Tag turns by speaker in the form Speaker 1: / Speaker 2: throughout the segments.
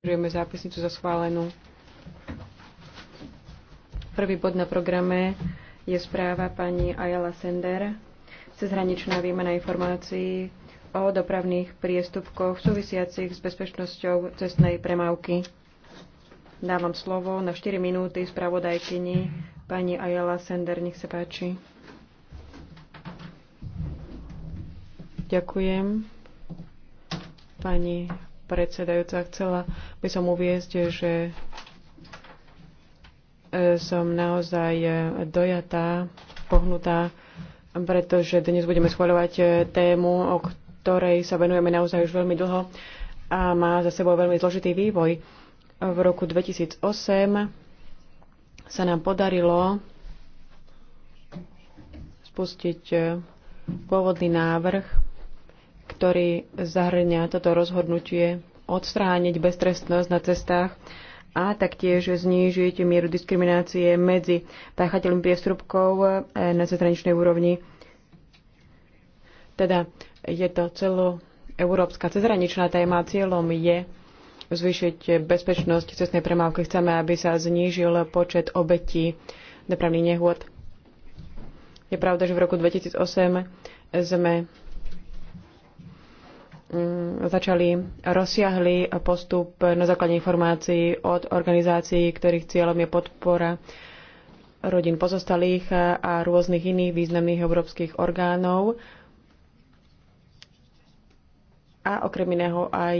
Speaker 1: Považujeme zápisnicu za schválenú. Prvý bod na programe je správa pani Ayala Sender, cezhraničná výmena informácií o dopravných priestupkoch súvisiacich s bezpečnosťou cestnej premávky. Dávam slovo na 4 minúty spravodajkyni pani Ayala Sender. Nech sa páči. Ďakujem. Pani predsedajúca. Chcela by som uviezť, že e, som naozaj e, dojatá, pohnutá, pretože dnes budeme schváľovať e, tému, o ktorej sa venujeme naozaj už veľmi dlho a má za sebou veľmi zložitý vývoj. V roku 2008 sa nám podarilo spustiť pôvodný návrh ktorý zahrňa toto rozhodnutie odstrániť beztrestnosť na cestách a taktiež znížiť mieru diskriminácie medzi páchateľmi priestupkov e, na zahraničnej úrovni. Teda je to celo európska cezhraničná téma. Cieľom je zvýšiť bezpečnosť cestnej premávky. Chceme, aby sa znížil počet obetí dopravných nehôd. Je pravda, že v roku 2008 sme Mm, začali rozsiahly postup na základe informácií od organizácií, ktorých cieľom je podpora rodín pozostalých a rôznych iných významných európskych orgánov a okrem iného aj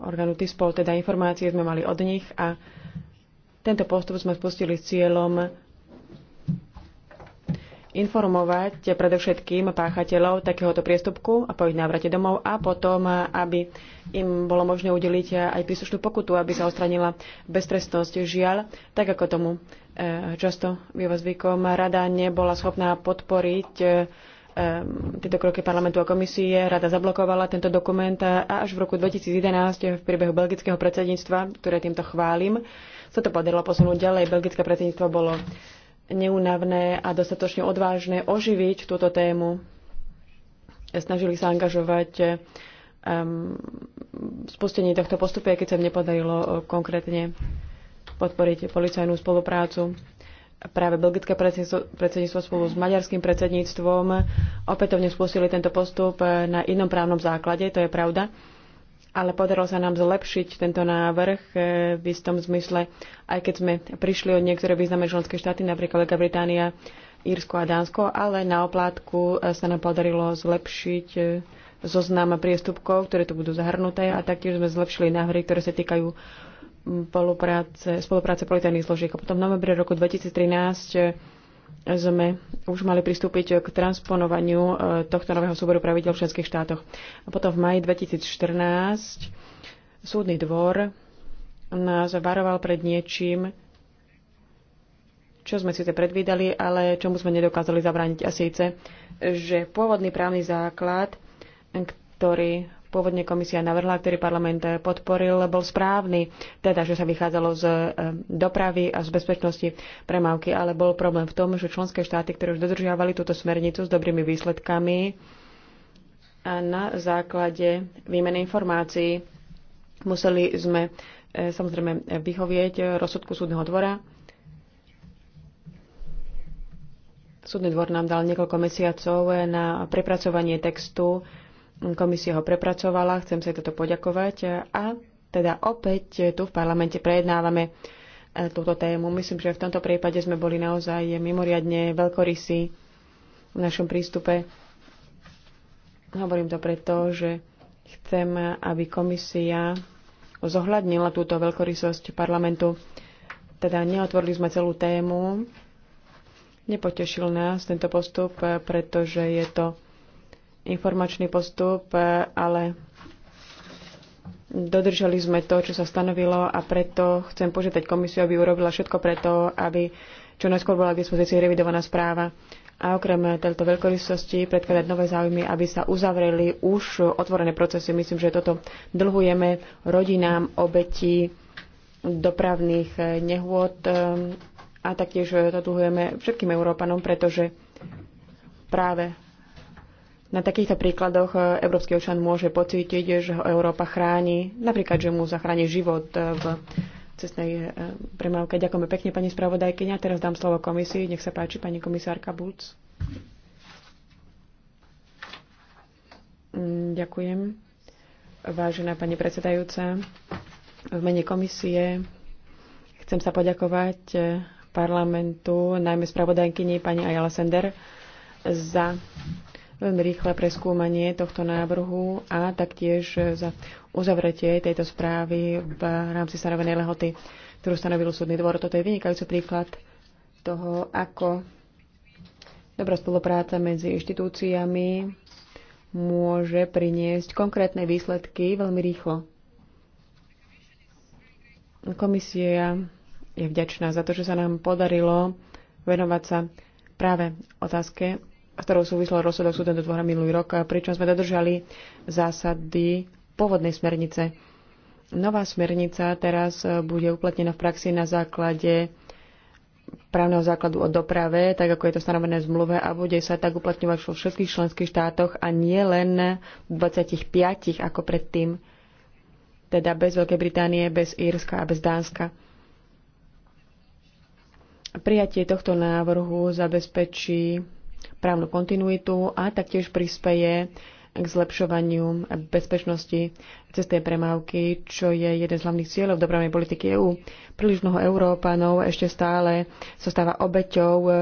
Speaker 1: orgánu TISPOL, teda informácie sme mali od nich a tento postup sme spustili s cieľom informovať predovšetkým páchateľov takéhoto priestupku a po ich návrate domov a potom, aby im bolo možné udeliť aj príslušnú pokutu, aby sa ostranila beztrestnosť. Žiaľ, tak ako tomu eh, často býva zvykom, rada nebola schopná podporiť eh, tieto kroky parlamentu a komisie. Rada zablokovala tento dokument a až v roku 2011 v priebehu belgického predsedníctva, ktoré týmto chválim, sa to podarilo posunúť ďalej. Belgické predsedníctvo bolo neúnavné a dostatočne odvážne oživiť túto tému. Snažili sa angažovať um, spustení tohto postupu, keď sa nepodarilo uh, konkrétne podporiť policajnú spoluprácu. Práve belgické predsedníctvo, predsedníctvo spolu s maďarským predsedníctvom opätovne spustili tento postup uh, na inom právnom základe, to je pravda ale podarilo sa nám zlepšiť tento návrh e, v istom zmysle, aj keď sme prišli od niektoré významné členské štáty, napríklad Veľká Británia, Írsko a Dánsko, ale na oplátku e, sa nám podarilo zlepšiť e, zoznam priestupkov, ktoré tu budú zahrnuté a taktiež sme zlepšili návrhy, ktoré sa týkajú spolupráce, spolupráce policajných zložiek. A potom v novembri roku 2013 sme už mali pristúpiť k transponovaniu e, tohto nového súboru pravidel v členských štátoch. A potom v maji 2014 súdny dvor nás varoval pred niečím, čo sme síce predvídali, ale čomu sme nedokázali zabrániť. A síce, že pôvodný právny základ, ktorý pôvodne komisia navrhla, ktorý parlament eh, podporil, bol správny, teda, že sa vychádzalo z eh, dopravy a z bezpečnosti premávky, ale bol problém v tom, že členské štáty, ktoré už dodržiavali túto smernicu s dobrými výsledkami a na základe výmeny informácií museli sme eh, samozrejme vyhovieť rozsudku súdneho dvora. Súdny dvor nám dal niekoľko mesiacov na prepracovanie textu Komisia ho prepracovala, chcem sa toto poďakovať a teda opäť tu v parlamente prejednávame e, túto tému. Myslím, že v tomto prípade sme boli naozaj mimoriadne veľkorysí v našom prístupe. Hovorím to preto, že chcem, aby komisia zohľadnila túto veľkorysosť parlamentu. Teda neotvorili sme celú tému. Nepotešil nás tento postup, pretože je to informačný postup, e, ale dodržali sme to, čo sa stanovilo a preto chcem požiadať komisiu, aby urobila všetko preto, aby čo najskôr bola k dispozícii revidovaná správa a okrem tejto veľkorysosti predkladať nové záujmy, aby sa uzavreli už otvorené procesy. Myslím, že toto dlhujeme rodinám obetí dopravných nehôd e, a taktiež to dlhujeme všetkým Európanom, pretože práve na takýchto príkladoch e, európsky občan môže pocítiť, že ho Európa chráni, napríklad, že mu zachráni život e, v cestnej e, premávke. Ďakujeme pekne, pani spravodajkyňa. Teraz dám slovo komisii. Nech sa páči, pani komisárka Bulc. Mm, ďakujem. Vážená pani predsedajúca, v mene komisie chcem sa poďakovať parlamentu, najmä spravodajkyni pani Ayala Sender, za veľmi rýchle preskúmanie tohto návrhu a taktiež za uzavretie tejto správy v rámci stanovenej lehoty, ktorú stanovil súdny dvor. Toto je vynikajúci príklad toho, ako dobrá spolupráca medzi inštitúciami môže priniesť konkrétne výsledky veľmi rýchlo. Komisia je vďačná za to, že sa nám podarilo venovať sa práve otázke ktorou súvisel rozsudok súdom do dvora minulý rok, pričom sme dodržali zásady pôvodnej smernice. Nová smernica teraz bude uplatnená v praxi na základe právneho základu o doprave, tak ako je to stanovené v zmluve a bude sa tak uplatňovať vo všetkých členských štátoch a nie len v 25 ako predtým, teda bez Veľkej Británie, bez Írska a bez Dánska. Prijatie tohto návrhu zabezpečí právnu kontinuitu a taktiež prispeje k zlepšovaniu bezpečnosti cestnej premávky, čo je jeden z hlavných cieľov dopravnej politiky EÚ. Príliš mnoho Európanov ešte stále sa stáva obeťou um,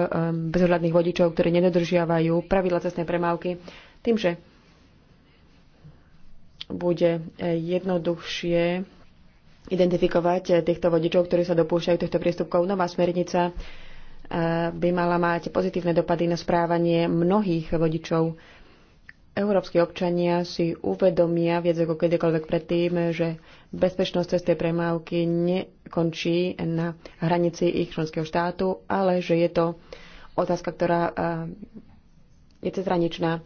Speaker 1: bezhľadných vodičov, ktorí nedodržiavajú pravidla cestnej premávky tým, že bude jednoduchšie identifikovať eh, týchto vodičov, ktorí sa dopúšťajú týchto priestupkov. Nová smernica by mala mať pozitívne dopady na správanie mnohých vodičov. Európsky občania si uvedomia viac ako kedykoľvek predtým, že bezpečnosť cestej premávky nekončí na hranici ich členského štátu, ale že je to otázka, ktorá je cezhraničná.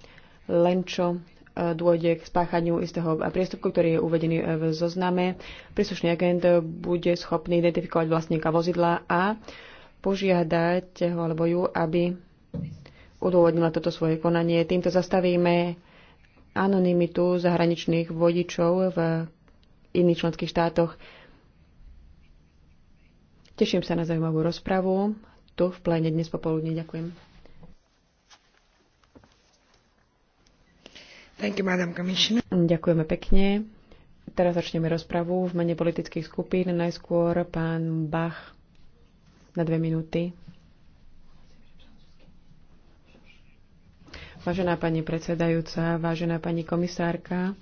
Speaker 1: Len čo dôjde k spáchaniu istého priestupku, ktorý je uvedený e, v zozname. Príslušný agent bude schopný identifikovať vlastníka vozidla a požiadať ho alebo ju, aby udôvodnila toto svoje konanie. Týmto zastavíme anonymitu zahraničných vodičov v iných členských štátoch. Teším sa na zaujímavú rozpravu tu v pléne dnes popoludne. Ďakujem. Thank you, Madam Commissioner. Ďakujeme pekne. Teraz začneme rozpravu v mene politických skupín. Najskôr pán Bach na dve minúty. Vážená pani predsedajúca, vážená pani komisárka,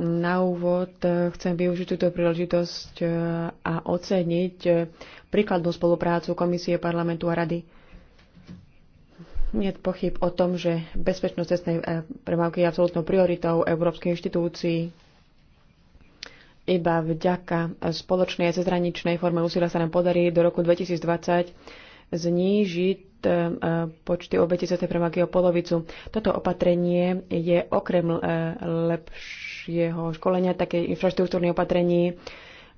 Speaker 1: na úvod chcem využiť túto príležitosť e, a oceniť e, príkladnú spoluprácu Komisie parlamentu a rady. Nie pochyb o tom, že bezpečnosť cestnej e, premávky je absolútnou prioritou Európskej inštitúcií iba vďaka spoločnej cezhraničnej forme úsilia sa nám podarí do roku 2020 znížiť e, počty obetí sa pre o polovicu. Toto opatrenie je okrem e, lepšieho školenia, také infraštruktúrne opatrení,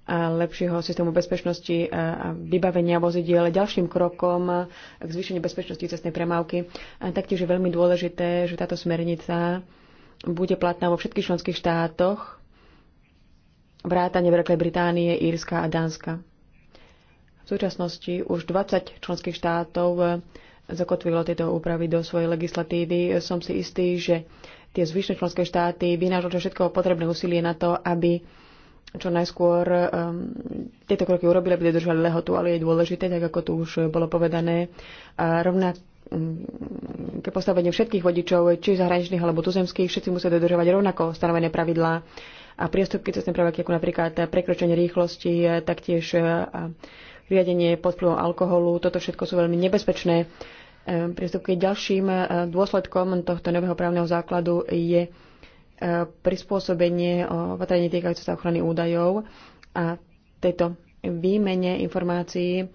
Speaker 1: a lepšieho systému bezpečnosti a vybavenia vozidiel ďalším krokom k zvýšeniu bezpečnosti cestnej premávky. A taktiež je veľmi dôležité, že táto smernica bude platná vo všetkých členských štátoch vrátane Veľkej Británie, Írska a Dánska. V súčasnosti už 20 členských štátov eh, zakotvilo tieto úpravy do svojej legislatívy. Som si istý, že tie zvyšné členské štáty vynážajú všetko potrebné úsilie na to, aby čo najskôr um, tieto kroky urobili, aby dodržali lehotu, ale je dôležité, tak ako tu už bolo povedané, a rovnaké um, mm, postavenie všetkých vodičov, či zahraničných alebo tuzemských, všetci musia dodržovať rovnako stanovené pravidlá a priestupky, cez ten prvky, ako napríklad prekročenie rýchlosti, taktiež e, riadenie pod vplyvom alkoholu. Toto všetko sú veľmi nebezpečné e, prístupky. Ďalším e, dôsledkom tohto nového právneho základu je prispôsobenie opatrení týkajúce sa ochrany údajov a tejto výmene informácií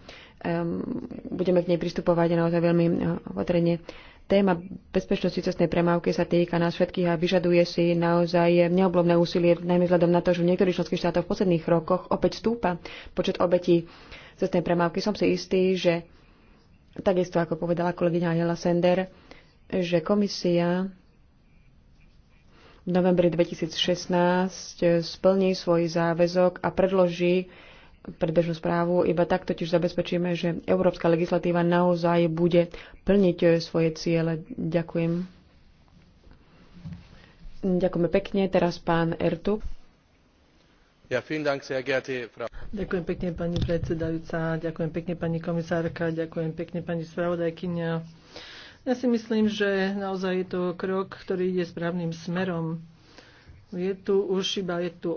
Speaker 1: budeme k nej pristupovať naozaj veľmi opatrenie Téma bezpečnosti cestnej premávky sa týka nás všetkých a vyžaduje si naozaj neoblomné úsilie, najmä vzhľadom na to, že v niektorých členských štátoch v posledných rokoch opäť stúpa počet obetí cestnej premávky. Som si istý, že takisto, ako povedala kolegyňa Jela Sender, že komisia v novembri 2016 splní svoj záväzok a predloží predbežnú správu. Iba tak totiž zabezpečíme, že európska legislatíva naozaj bude plniť eh, svoje ciele. Ďakujem.
Speaker 2: Ďakujeme pekne. Teraz pán Ertu. Ja, Dank, ďakujem pekne pani predsedajúca, ďakujem pekne pani komisárka, ďakujem pekne pani spravodajkynia. Ja si myslím, že naozaj je to krok, ktorý ide správnym smerom je tu už iba, je tu,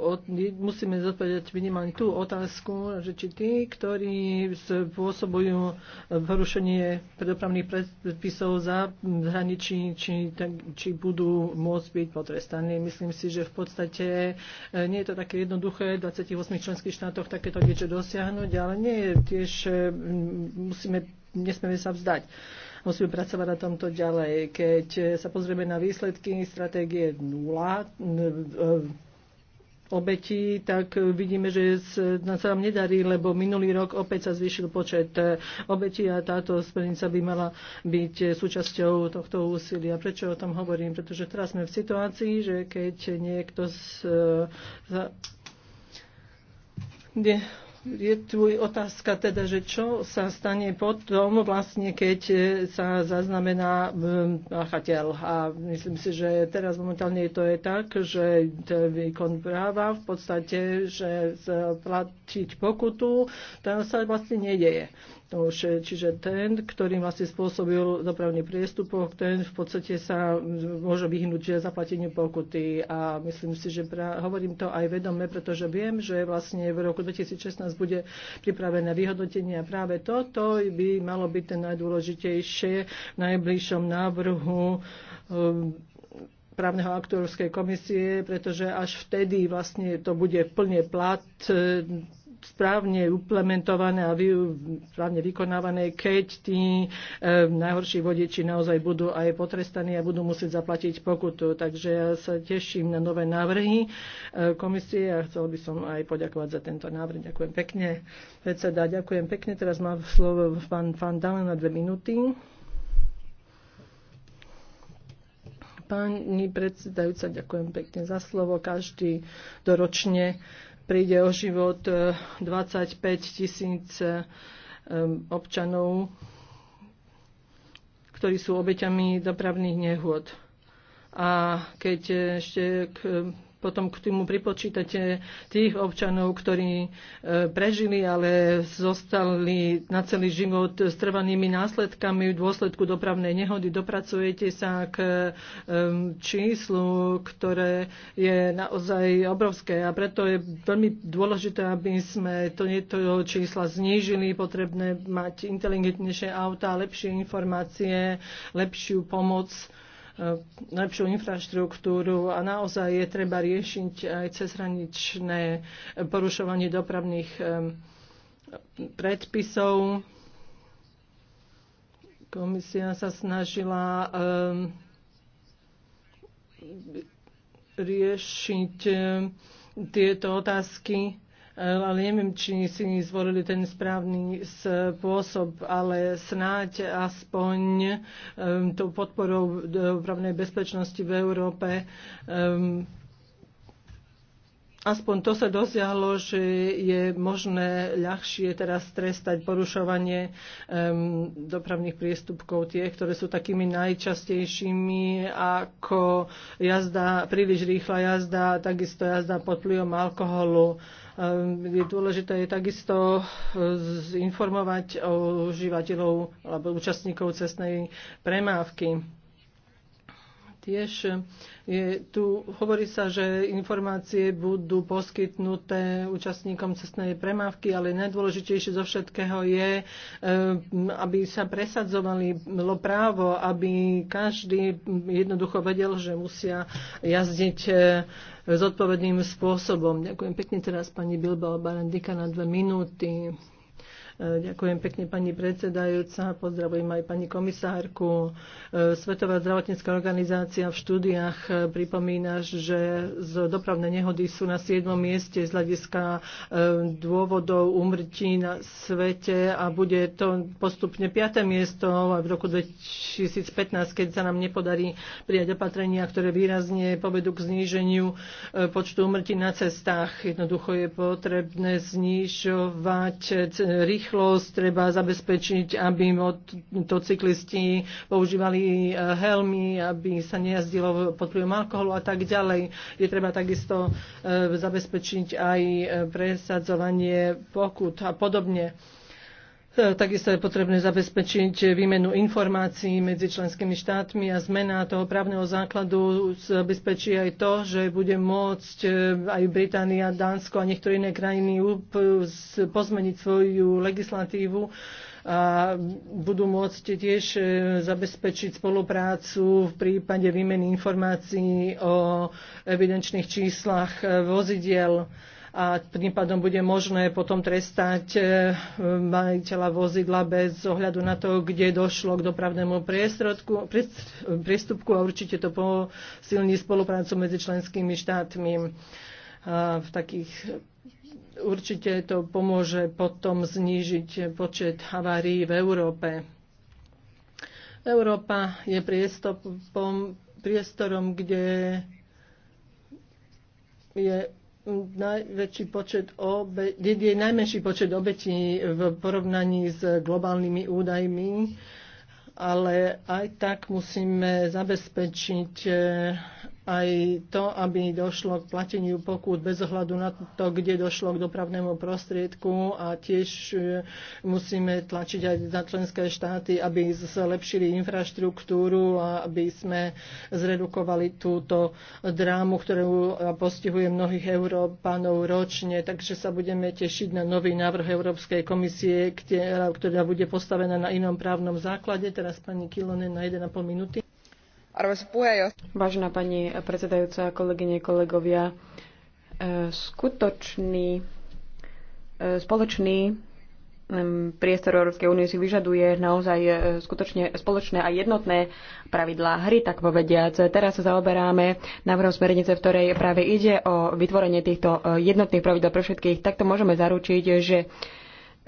Speaker 2: musíme zodpovedať minimálne tú otázku, že či tí, ktorí spôsobujú porušenie predopravných predpisov za hraničí, či, či budú môcť byť potrestaní. Myslím si, že v podstate eh, nie je to také jednoduché v 28 členských štátoch takéto niečo dosiahnuť, ale nie je tiež, eh, musíme, nesmieme sa vzdať. Musíme pracovať na tomto ďalej. Keď sa pozrieme na výsledky stratégie 0, e, obetí, tak vidíme, že sa nám nedarí, lebo minulý rok opäť sa zvýšil počet e, obetí a táto smernica by mala byť e, súčasťou tohto úsilia. Prečo o tom hovorím? Pretože teraz sme v situácii, že keď niekto z, za, nie, je tu otázka teda, že čo sa stane potom vlastne, keď e, sa zaznamená páchateľ. A myslím si, že teraz momentálne to je tak, že výkon práva v podstate, že platiť pokutu, to sa vlastne nedieje už, čiže ten, ktorý vlastne spôsobil dopravný priestupok, ten v podstate sa môže vyhnúť že zaplateniu pokuty. A myslím si, že pra, hovorím to aj vedome, pretože viem, že vlastne v roku 2016 bude pripravené vyhodnotenie a práve toto by malo byť ten najdôležitejšie v najbližšom návrhu ehm, právneho aktorskej komisie, pretože až vtedy vlastne to bude plne plat správne implementované a správne vykonávané, keď tí e, najhorší vodiči naozaj budú aj potrestaní a budú musieť zaplatiť pokutu. Takže ja sa teším na nové návrhy e, komisie a chcel by som aj poďakovať za tento návrh. Ďakujem pekne. Predseda, ďakujem pekne. Teraz má slovo pán pán Dalen na dve minúty. Pani predsedajúca, ďakujem pekne za slovo. Každý doročne príde o život 25 e, tisíc e, občanov, ktorí sú obeťami dopravných nehôd. A keď e, ešte k potom k tomu pripočítate tých občanov, ktorí e, prežili, ale zostali na celý život s trvanými následkami v dôsledku dopravnej nehody. Dopracujete sa k e, číslu, ktoré je naozaj obrovské a preto je veľmi dôležité, aby sme to čísla znížili. Potrebné mať inteligentnejšie auta, lepšie informácie, lepšiu pomoc E, lepšiu infraštruktúru a naozaj je treba riešiť aj cezhraničné porušovanie dopravných e, predpisov. Komisia sa snažila e, riešiť tieto otázky ale neviem, či si zvolili ten správny spôsob, ale snáď aspoň ehm, tou podporou dopravnej bezpečnosti v Európe ehm, aspoň to sa dosiahlo, že je možné ľahšie teraz trestať porušovanie um, dopravných priestupkov, tie, ktoré sú takými najčastejšími, ako jazda, príliš rýchla jazda, takisto jazda pod vplyvom alkoholu. je dôležité je takisto e, zinformovať o užívateľov alebo účastníkov cestnej premávky tiež je, tu hovorí sa, že informácie budú poskytnuté účastníkom cestnej premávky, ale najdôležitejšie zo všetkého je, eh, aby sa presadzovali právo, aby každý jednoducho vedel, že musia jazdiť eh, zodpovedným spôsobom. Ďakujem pekne teraz pani Bilbao Barandika na dve minúty. Ďakujem pekne pani predsedajúca, pozdravujem aj pani komisárku. Svetová zdravotnícká organizácia v štúdiách pripomína, že z dopravné nehody sú na 7. mieste z hľadiska eh, dôvodov umrtí na svete a bude to postupne 5. miesto v roku 2015, keď sa nám nepodarí prijať opatrenia, ktoré výrazne povedú k zníženiu eh, počtu umrtí na cestách. Jednoducho je potrebné znižovať eh, rýchlo rýchlosť, treba zabezpečiť, aby motocyklisti používali e, helmy, aby sa nejazdilo pod vplyvom alkoholu a tak ďalej. Je treba takisto e, zabezpečiť aj e, presadzovanie pokut a podobne. E, takisto je potrebné zabezpečiť výmenu informácií medzi členskými štátmi a zmena toho právneho základu zabezpečí aj to, že bude môcť e, aj Británia, Dánsko a niektoré iné krajiny pozmeniť svoju legislatívu a budú môcť tiež e, zabezpečiť spoluprácu v prípade výmeny informácií o evidenčných číslach vozidiel a tým pádom bude možné potom trestať e, majiteľa vozidla bez ohľadu na to, kde došlo k dopravnému priestupku a určite to posilní spoluprácu medzi členskými štátmi. v takých určite to pomôže potom znížiť počet havárií v Európe. Európa je priestopom, priestorom, kde je najväčší počet obe, je najmenší počet obetí v porovnaní s globálnymi údajmi, ale aj tak musíme zabezpečiť aj to, aby došlo k plateniu pokút bez ohľadu na to, kde došlo k dopravnému prostriedku a tiež e, musíme tlačiť aj na členské štáty, aby zlepšili infraštruktúru a aby sme zredukovali túto drámu, ktorú postihuje mnohých Európanov ročne. Takže sa budeme tešiť na nový návrh Európskej komisie, ktorá bude postavená na inom právnom základe. Teraz pani Kilonen na 1,5 minúty. Vážená pani predsedajúca,
Speaker 1: kolegyne, kolegovia, e, skutočný e, spoločný priestor Európskej únie si vyžaduje naozaj e, skutočne spoločné a jednotné pravidlá hry, tak povediac. Teraz sa zaoberáme návrhom smernice, v ktorej práve ide o vytvorenie týchto jednotných pravidel pre všetkých. Takto môžeme zaručiť, že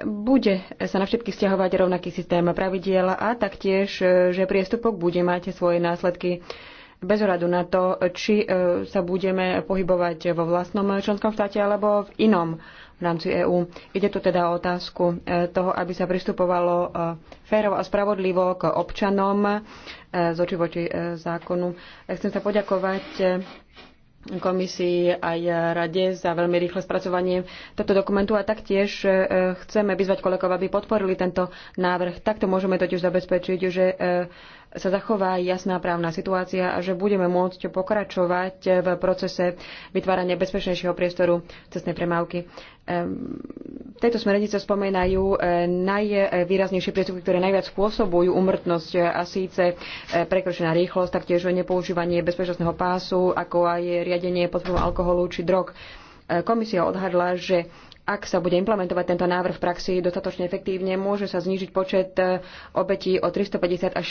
Speaker 1: bude sa na všetky stiahovať rovnaký systém pravidiel a taktiež, e, že priestupok bude mať svoje následky bez ohľadu na to, či e, sa budeme pohybovať vo vlastnom členskom štáte alebo v inom v rámci EÚ. Ide tu teda o otázku e, toho, aby sa pristupovalo férovo a spravodlivo k občanom z očivoči zákonu. Chcem sa poďakovať komisii aj rade za veľmi rýchle spracovanie tohto dokumentu a taktiež e, chceme vyzvať kolegov, aby podporili tento návrh. Takto môžeme totiž zabezpečiť, že e, sa zachová jasná právna situácia a že budeme môcť pokračovať v procese vytvárania bezpečnejšieho priestoru cestnej premávky. Ehm, v tejto smernice spomínajú e, najvýraznejšie priestupky, ktoré najviac spôsobujú umrtnosť a síce e, prekročená rýchlosť, taktiež nepoužívanie bezpečnostného pásu, ako aj riadenie pod vplyvom alkoholu či drog. E, komisia odhadla, že ak sa bude implementovať tento návrh v praxi dostatočne efektívne, môže sa znížiť počet e, obetí o 350 až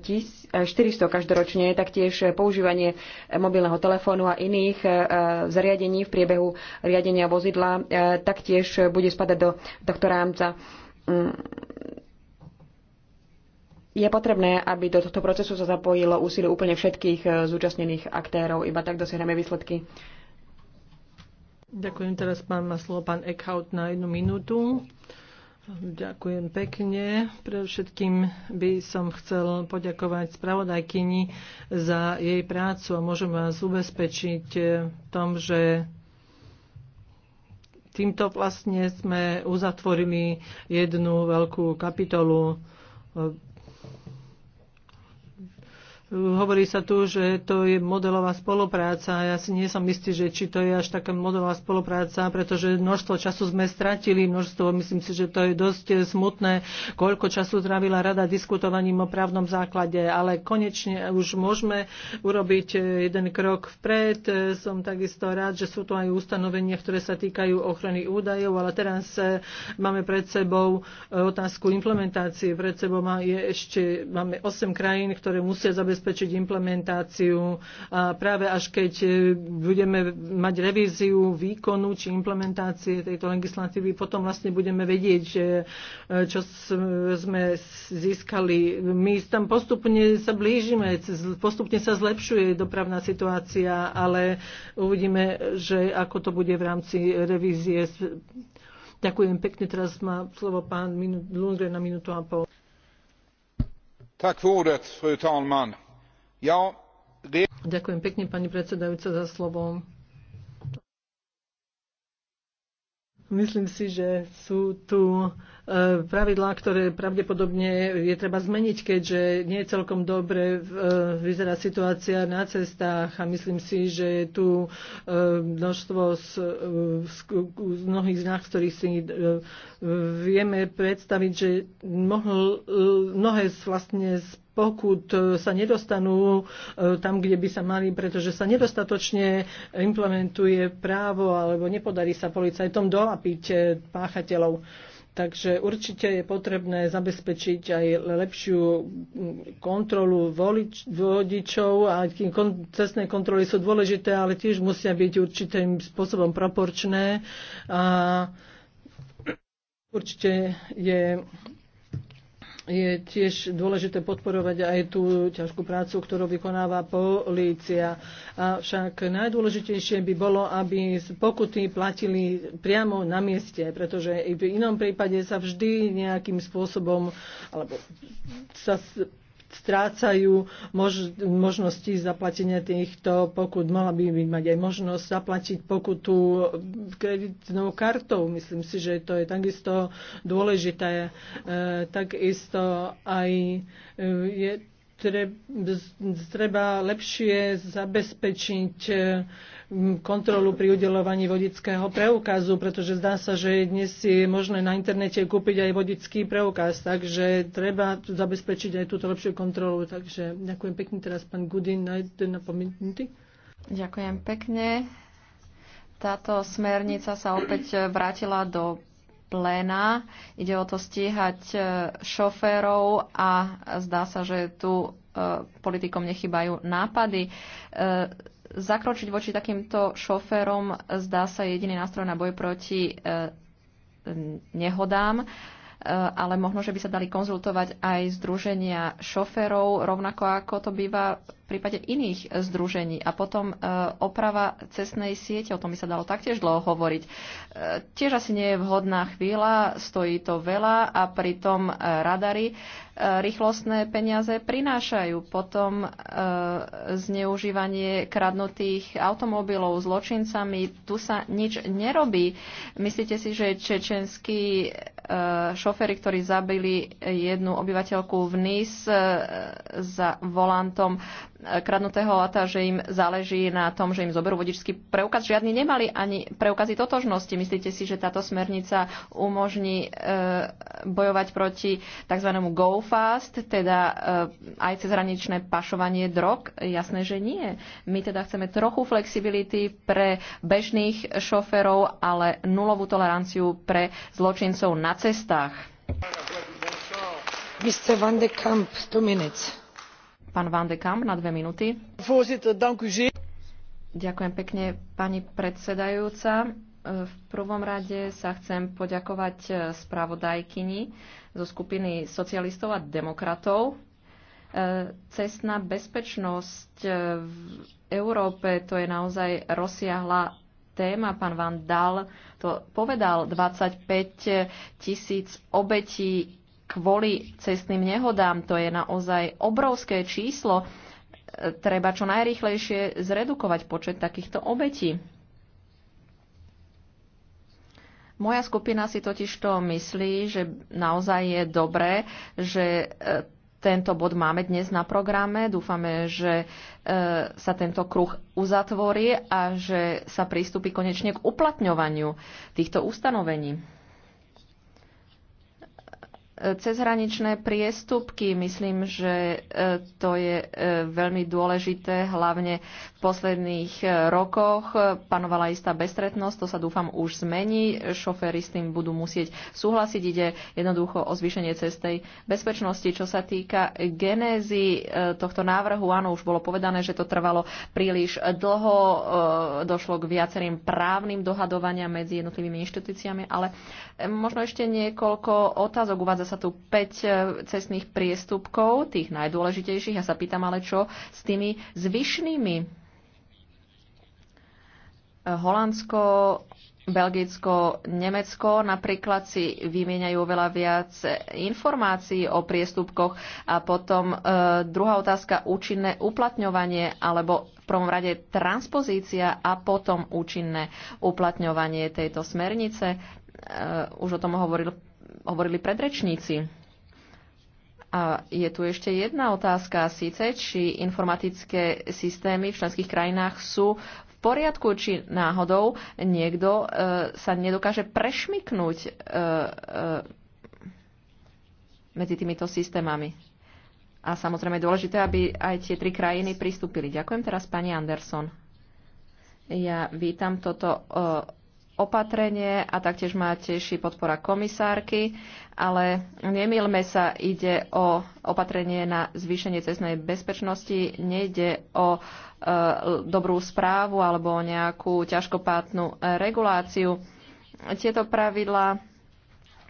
Speaker 1: 400, e, tis, 400 e, každoročne, taktiež používanie mobilného telefónu a iných zariadení v priebehu riadenia vozidla taktiež bude spadať do tohto rámca mm. je potrebné, aby do tohto procesu sa zapojilo úsilie úplne všetkých zúčastnených aktérov.
Speaker 2: Iba tak dosiahneme výsledky. Ďakujem teraz pán slovo pán Eckhout na jednu minútu. Ďakujem pekne. Pre všetkým by som chcel poďakovať spravodajkyni za jej prácu a môžem vás ubezpečiť v tom, že týmto vlastne sme uzatvorili jednu veľkú kapitolu Hovorí sa tu, že to je modelová spolupráca. Ja si nie som istý, že či to je až taká modelová spolupráca, pretože množstvo času sme stratili, množstvo, myslím si, že to je dosť smutné, koľko času zdravila rada diskutovaním o právnom základe, ale konečne už môžeme urobiť eh, jeden krok vpred. Eh, som takisto rád, že sú tu aj ustanovenia, ktoré sa týkajú ochrany údajov, ale teraz eh, máme pred sebou otázku implementácie. Pred sebou má je ešte, máme 8 krajín, ktoré musia zabezpečiť zabezpečiť implementáciu. A práve až keď e, budeme mať revíziu výkonu či implementácie tejto legislatívy, potom vlastne budeme vedieť, že, e, čo sme získali. My tam postupne sa blížime, postupne sa zlepšuje dopravná situácia, ale uvidíme, že ako to bude v rámci revízie. Ďakujem pekne. Teraz má slovo pán Lundgren na minútu a pol.
Speaker 3: Tak for ordet, fru talman. Ďakujem
Speaker 2: pekne, pani predsedajúca, za slovo. Myslím si, že sú tu e, pravidlá, ktoré pravdepodobne je treba zmeniť, keďže nie je celkom dobre e, vyzerá situácia na cestách a myslím si, že je tu e, množstvo z, z, z mnohých znak, z ktorých si vieme predstaviť, že mohol, mnohé vlastne z pokud e, sa nedostanú e, tam, kde by sa mali, pretože sa nedostatočne implementuje právo alebo nepodarí sa policajtom dolapiť e, páchateľov. Takže určite je potrebné zabezpečiť aj lepšiu mm, kontrolu vodičov a cestné kontroly sú dôležité, ale tiež musia byť určitým spôsobom proporčné. A určite je je tiež dôležité podporovať aj tú ťažkú prácu, ktorú vykonáva polícia. Avšak najdôležitejšie by bolo, aby pokuty platili priamo na mieste, pretože v inom prípade sa vždy nejakým spôsobom alebo sa strácajú mož, možnosti zaplatenia týchto pokut. Mala by mať aj možnosť zaplatiť pokutu kreditnou kartou. Myslím si, že to je takisto dôležité. E, takisto aj e, je treba lepšie zabezpečiť eh, kontrolu pri udelovaní vodického preukazu, pretože zdá sa, že dnes je možné na internete kúpiť aj vodický preukaz, takže treba zabezpečiť aj túto lepšiu kontrolu. Takže ďakujem pekne teraz pán Gudin na jeden napomenutý. Ďakujem
Speaker 4: pekne. Táto smernica sa opäť vrátila do pléna. Ide o to stíhať e, šoférov a zdá sa, že tu e, politikom nechybajú nápady. E, zakročiť voči takýmto šoférom zdá sa jediný nástroj na boj proti nehodám Eh, ale možno, že by sa dali konzultovať aj združenia šoférov, rovnako ako to býva v prípade iných združení. A potom eh, oprava cestnej siete, o tom by sa dalo taktiež dlho hovoriť. Eh, tiež asi nie je vhodná chvíľa, stojí to veľa a pritom radary rýchlostné peniaze prinášajú. Potom zneužívanie kradnutých automobilov zločincami, tu sa nič nerobí. Myslíte si, že čečenský šoféry, ktorí zabili jednu obyvateľku v Nice e, za volantom e, kradnutého lata, že im záleží na tom, že im zoberú vodičský preukaz. Žiadni nemali ani preukazy totožnosti. Myslíte si, že táto smernica umožní e, bojovať proti tzv. go fast, teda aj cezhraničné pašovanie drog? Jasné, že nie. My teda chceme trochu flexibility pre bežných šoférov, ale nulovú toleranciu pre zločincov na cestách. Pán Van de Kamp na dve minúty. Ďakujem pekne, pani predsedajúca. V prvom rade sa chcem poďakovať eh, spravodajkyni zo skupiny socialistov a demokratov. Eh, cestná bezpečnosť eh, v Európe to je naozaj rozsiahla téma. Pán Van Dal to povedal, 25 tisíc obetí kvôli cestným nehodám. To je naozaj obrovské číslo. Treba čo najrýchlejšie zredukovať počet takýchto obetí. Moja skupina si totiž to myslí, že naozaj je dobré, že e, tento bod máme dnes na programe. Dúfame, že e, sa tento kruh uzatvorí a že sa prístupí konečne k uplatňovaniu týchto ustanovení. Cezhraničné priestupky, myslím, že e, to je e, veľmi dôležité, hlavne v posledných e, rokoch panovala istá bestretnosť, to sa dúfam už zmení, šoféry s tým budú musieť súhlasiť, ide jednoducho o zvýšenie cestej bezpečnosti. Čo sa týka genézy tohto návrhu, áno, už bolo povedané, že to trvalo príliš dlho, došlo k viacerým právnym dohadovaniam medzi jednotlivými inštitúciami, ale možno ešte niekoľko otázok uvádza sa tu 5 e, cestných priestupkov, tých najdôležitejších. Ja sa pýtam ale čo s tými zvyšnými? E, Holandsko, Belgicko, Nemecko napríklad si vymieňajú veľa viac informácií o priestupkoch a potom e, druhá otázka účinné uplatňovanie alebo v prvom rade transpozícia a potom účinné uplatňovanie tejto smernice. E, už o tom hovoril hovorili predrečníci. A je tu ešte jedna otázka, síce či informatické systémy v členských krajinách sú v poriadku, či náhodou niekto e, sa nedokáže prešmiknúť e, e, medzi týmito systémami. A samozrejme je dôležité, aby aj tie tri krajiny pristúpili. Ďakujem teraz pani Anderson. Ja vítam toto e, opatrenie a taktiež má teší podpora komisárky, ale nemilme sa, ide o opatrenie na zvýšenie cestnej bezpečnosti, nejde o e, dobrú správu alebo o nejakú ťažkopátnu reguláciu. Tieto pravidlá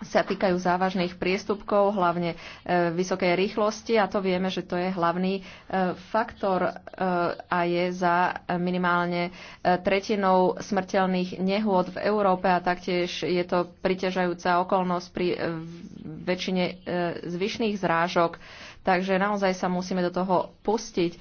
Speaker 4: sa týkajú závažných priestupkov, hlavne e, vysokej rýchlosti a to vieme, že to je hlavný e, faktor e, a je za minimálne tretinou smrteľných nehôd v Európe a taktiež je to priťažajúca okolnosť pri väčšine zvyšných zrážok. Takže naozaj sa musíme do toho pustiť.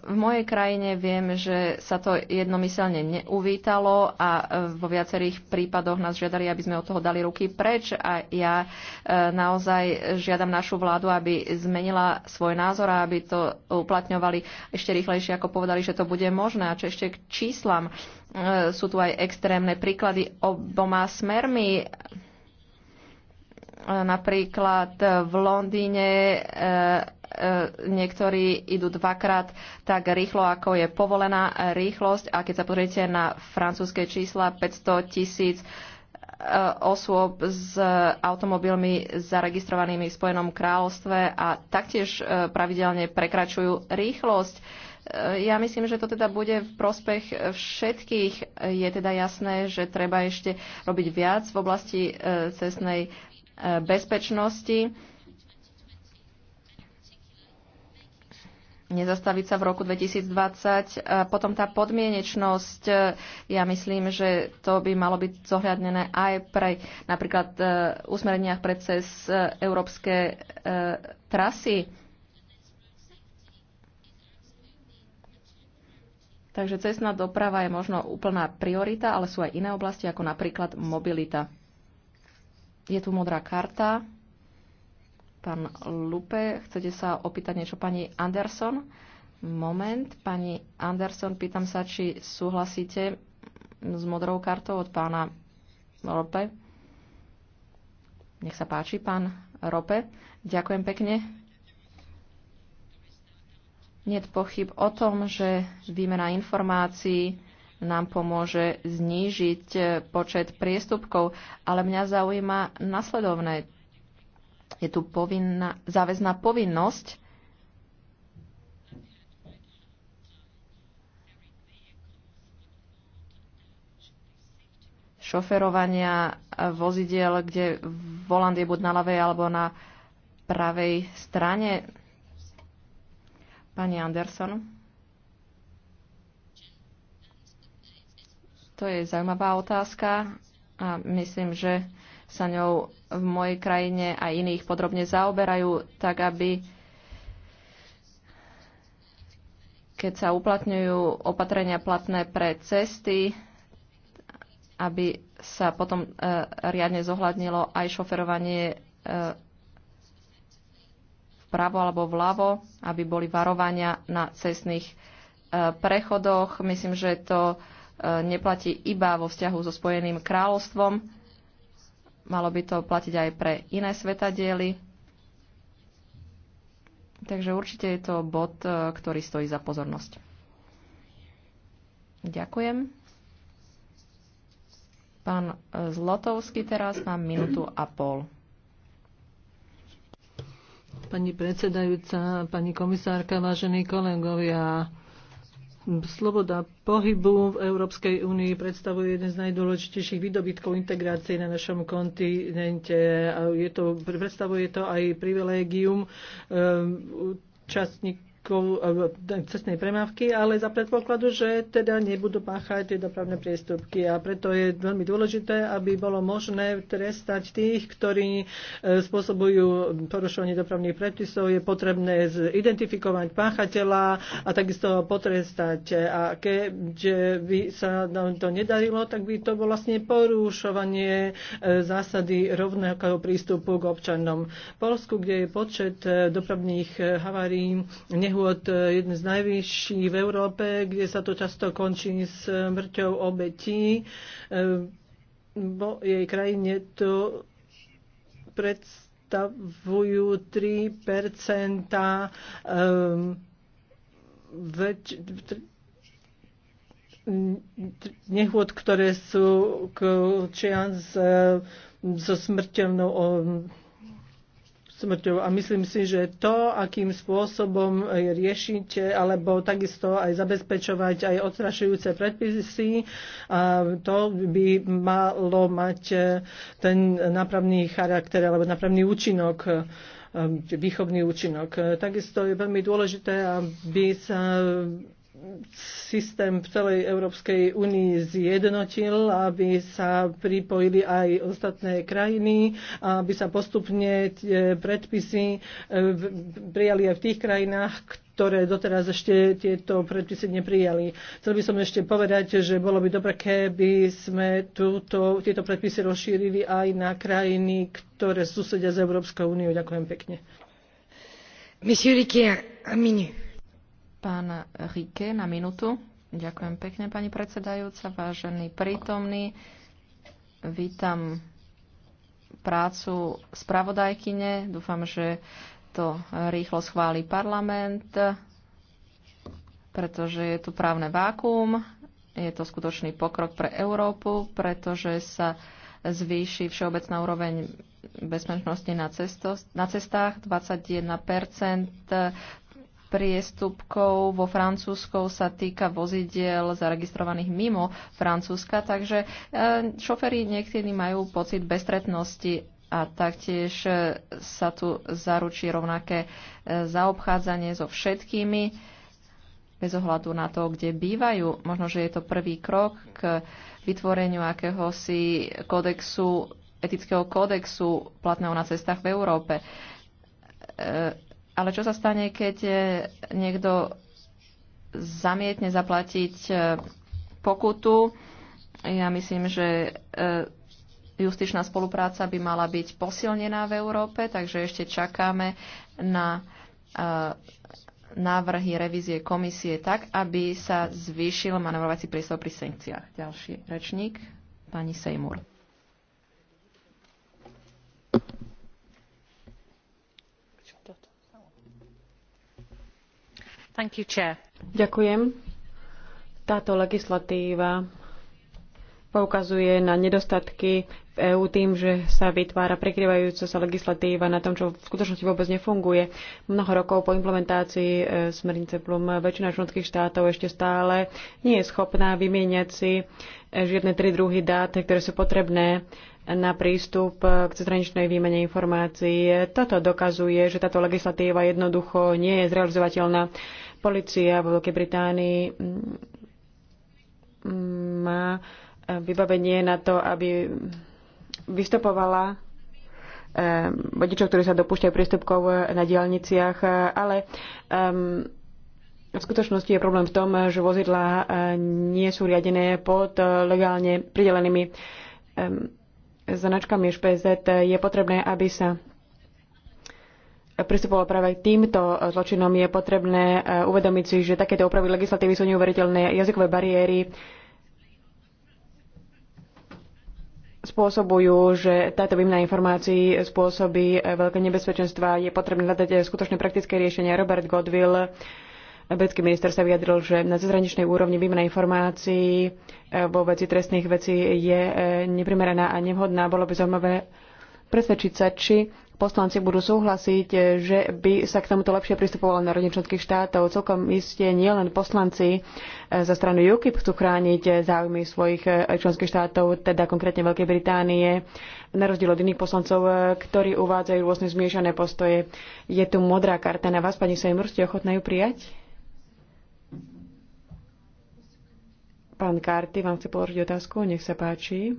Speaker 4: V mojej krajine viem, že sa to jednomyselne neuvítalo a e, vo viacerých prípadoch nás žiadali, aby sme od toho dali ruky preč a ja e, naozaj žiadam našu vládu, aby zmenila svoj názor a aby to uplatňovali ešte rýchlejšie, ako povedali, že to bude možné. A čo ešte k číslam, e, sú tu aj extrémne príklady oboma smermi napríklad v Londýne E, niektorí idú dvakrát tak rýchlo, ako je povolená rýchlosť. A keď sa pozriete na francúzske čísla, 500 tisíc e, osôb s automobilmi zaregistrovanými v Spojenom kráľovstve a taktiež e, pravidelne prekračujú rýchlosť. Ja myslím, že to teda bude v prospech všetkých. Je teda jasné, že treba ešte robiť viac v oblasti cestnej bezpečnosti nezastaviť sa v roku 2020. A potom tá podmienečnosť, e, ja myslím, že to by malo byť zohľadnené aj pre napríklad e, usmereniach pre cez e, európske e, trasy. Takže cestná doprava je možno úplná priorita, ale sú aj iné oblasti, ako napríklad mobilita. Je tu modrá karta. Pán Lupe, chcete sa opýtať niečo pani Anderson? Moment, pani Anderson, pýtam sa, či súhlasíte s modrou kartou od pána Rope. Nech sa páči, pán Rope. Ďakujem pekne. Niet pochyb o tom, že výmena informácií nám pomôže znížiť počet priestupkov, ale mňa zaujíma nasledovné je tu povinná, záväzná povinnosť šoferovania vozidiel, kde volant je buď na ľavej alebo na pravej strane. Pani Anderson. To je zaujímavá otázka a myslím, že sa ňou v mojej krajine a iných podrobne zaoberajú, tak aby keď sa uplatňujú opatrenia platné pre cesty, aby sa potom e, riadne zohľadnilo aj šoferovanie e, vpravo alebo vľavo, aby boli varovania na cestných e, prechodoch. Myslím, že to e, neplatí iba vo vzťahu so Spojeným kráľovstvom Malo by to platiť aj pre iné svetadiely. Takže určite je to bod, e, ktorý stojí za pozornosť. Ďakujem. Pán e, Zlotovský teraz má minútu a pol.
Speaker 2: Pani predsedajúca, pani komisárka, vážení kolegovia, Sloboda pohybu v Európskej únii predstavuje jeden z najdôležitejších výdobytkov integrácie na našom kontinente. Je to, predstavuje to aj privilégium ehm, účastník Eh, cestnej premávky, ale za predpokladu, že teda nebudú páchať tie dopravné priestupky. A preto je veľmi dôležité, aby bolo možné trestať tých, ktorí eh, spôsobujú porušovanie dopravných predpisov. Je potrebné identifikovať páchateľa a takisto ho potrestať. A keďže by sa nám to nedarilo, tak by to bolo vlastne porušovanie eh, zásady rovnakého prístupu k občanom. V Polsku, kde je počet dopravných havárií, nehôd e, jedné z najvyšších v Európe, kde sa to často končí s mŕťou obetí. bo e, jej krajine to predstavujú 3 e, nehôd, ktoré sú k, čian s, so smrteľnou no, smrťou. A myslím si, že to, akým spôsobom eh, riešiť alebo takisto aj zabezpečovať aj odstrašujúce predpisy, a to by malo mať eh, ten nápravný charakter alebo napravný účinok eh, výchovný účinok. Takisto je veľmi dôležité, aby sa systém v celej Európskej únii zjednotil, aby sa pripojili aj ostatné krajiny, aby sa postupne tie predpisy e, prijali aj v tých krajinách, ktoré doteraz ešte tieto predpisy neprijali. Chcel by som ešte povedať, že bolo by dobre, keby sme túto, tieto predpisy rozšírili aj na krajiny, ktoré susedia s Európskou úniou. Ďakujem pekne.
Speaker 4: Monsieur Riquier, un minute. Pán Rike na minútu. Ďakujem pekne, pani predsedajúca, vážený prítomný. Vítam prácu spravodajkyne. Dúfam, že to rýchlo schváli parlament, pretože je tu právne vákuum. Je to skutočný pokrok pre Európu, pretože sa zvýši všeobecná úroveň bezpečnosti na, cesto, na cestách. 21% priestupkov vo Francúzsku sa týka vozidiel zaregistrovaných mimo Francúzska, takže e, šoféry niekedy majú pocit bestretnosti a taktiež e, sa tu zaručí rovnaké e, zaobchádzanie so všetkými bez ohľadu na to, kde bývajú. Možno, že je to prvý krok k vytvoreniu akéhosi kodexu, etického kodexu platného na cestách v Európe ale čo sa stane, keď e, niekto zamietne zaplatiť e, pokutu? Ja myslím, že e, justičná spolupráca by mala byť posilnená v Európe, takže ešte čakáme na návrhy revízie komisie tak, aby sa zvýšil manevrovací priestor pri sankciách. Ďalší rečník, pani Sejmur.
Speaker 1: Ďakujem. Táto legislatíva poukazuje na nedostatky v EÚ tým, že sa vytvára prekryvajúca sa legislatíva na tom, čo v skutočnosti vôbec nefunguje. Mnoho rokov po implementácii e, smernice Plum väčšina členských štátov ešte stále nie je schopná vymieňať si e, žiadne tri druhy dát, ktoré sú potrebné na prístup k cezhraničnej výmene informácií. Toto dokazuje, že táto legislatíva jednoducho nie je zrealizovateľná Polícia vo Veľkej Británii mm, mm, má eh, vybavenie na to, aby vystupovala eh, vodičov, ktorí sa dopúšťajú prístupkov eh, na diálniciach, ale um, v skutočnosti je problém v tom, že vozidlá nie sú riadené pod legálne pridelenými um, značkami ŠPZ. Je potrebné, aby sa pristupoval práve k týmto e, zločinom, je potrebné e, uvedomiť si, že takéto opravy legislatívy sú neuveriteľné. Jazykové bariéry spôsobujú, že táto výmena informácií spôsobí e, veľké nebezpečenstva. Je potrebné hľadať skutočné praktické riešenia. Robert Godwill britský minister sa vyjadril, že na cezhraničnej úrovni výmena informácií vo veci trestných vecí je neprimeraná a nevhodná. Bolo by zaujímavé presvedčiť sa, či poslanci budú súhlasiť, eh, že by sa k tomuto lepšie pristupovalo na rodine členských štátov. Celkom iste nielen poslanci eh, za stranu UKIP chcú chrániť eh, záujmy svojich členských štátov, teda konkrétne Veľkej Británie, na rozdiel od iných poslancov, ktorí uvádzajú rôzne zmiešané postoje. Je tu modrá karta na vás, pani Sejmur, ste ochotná ju prijať? Pán Karty vám chce položiť otázku, nech sa páči.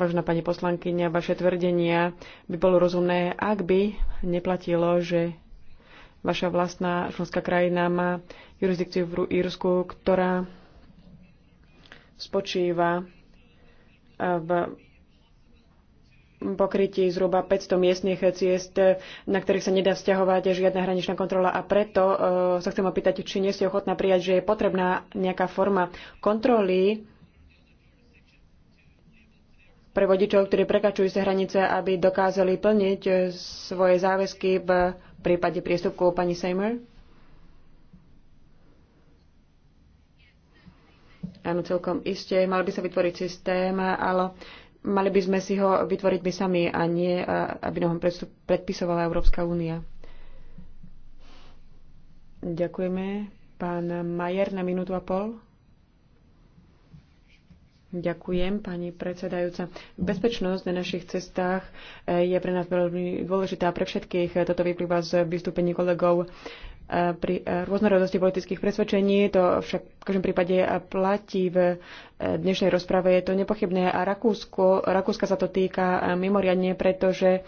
Speaker 1: Vážená pani poslankyňa, vaše tvrdenia by bolo rozumné, ak by neplatilo, že vaša vlastná členská krajina má jurisdikciu v Írsku, ktorá spočíva e, v pokrytí zhruba 500 miestnych ciest, na ktorých sa nedá vzťahovať žiadna hraničná kontrola a preto e, sa chcem opýtať, či nie ste ochotná prijať, že je potrebná nejaká forma kontroly pre vodičov, ktorí prekračujú sa hranice, aby dokázali plniť eh, svoje záväzky v prípade priestupku pani Sejmer? Áno, celkom iste. Mal by sa vytvoriť systém, ale mali by sme si ho vytvoriť my sami a nie, eh, aby nám ho predpisovala Európska únia. Ďakujeme. Pán Majer na minútu a pol. Ďakujem, pani predsedajúca. Bezpečnosť na našich cestách eh, je pre nás veľmi dôležitá pre všetkých. Eh, toto vyplýva z vystúpení kolegov eh, pri rôznorodosti politických presvedčení. To však v každom prípade platí v dnešnej rozprave. Je to nepochybné a Rakúsko, Rakúska sa to týka mimoriadne, pretože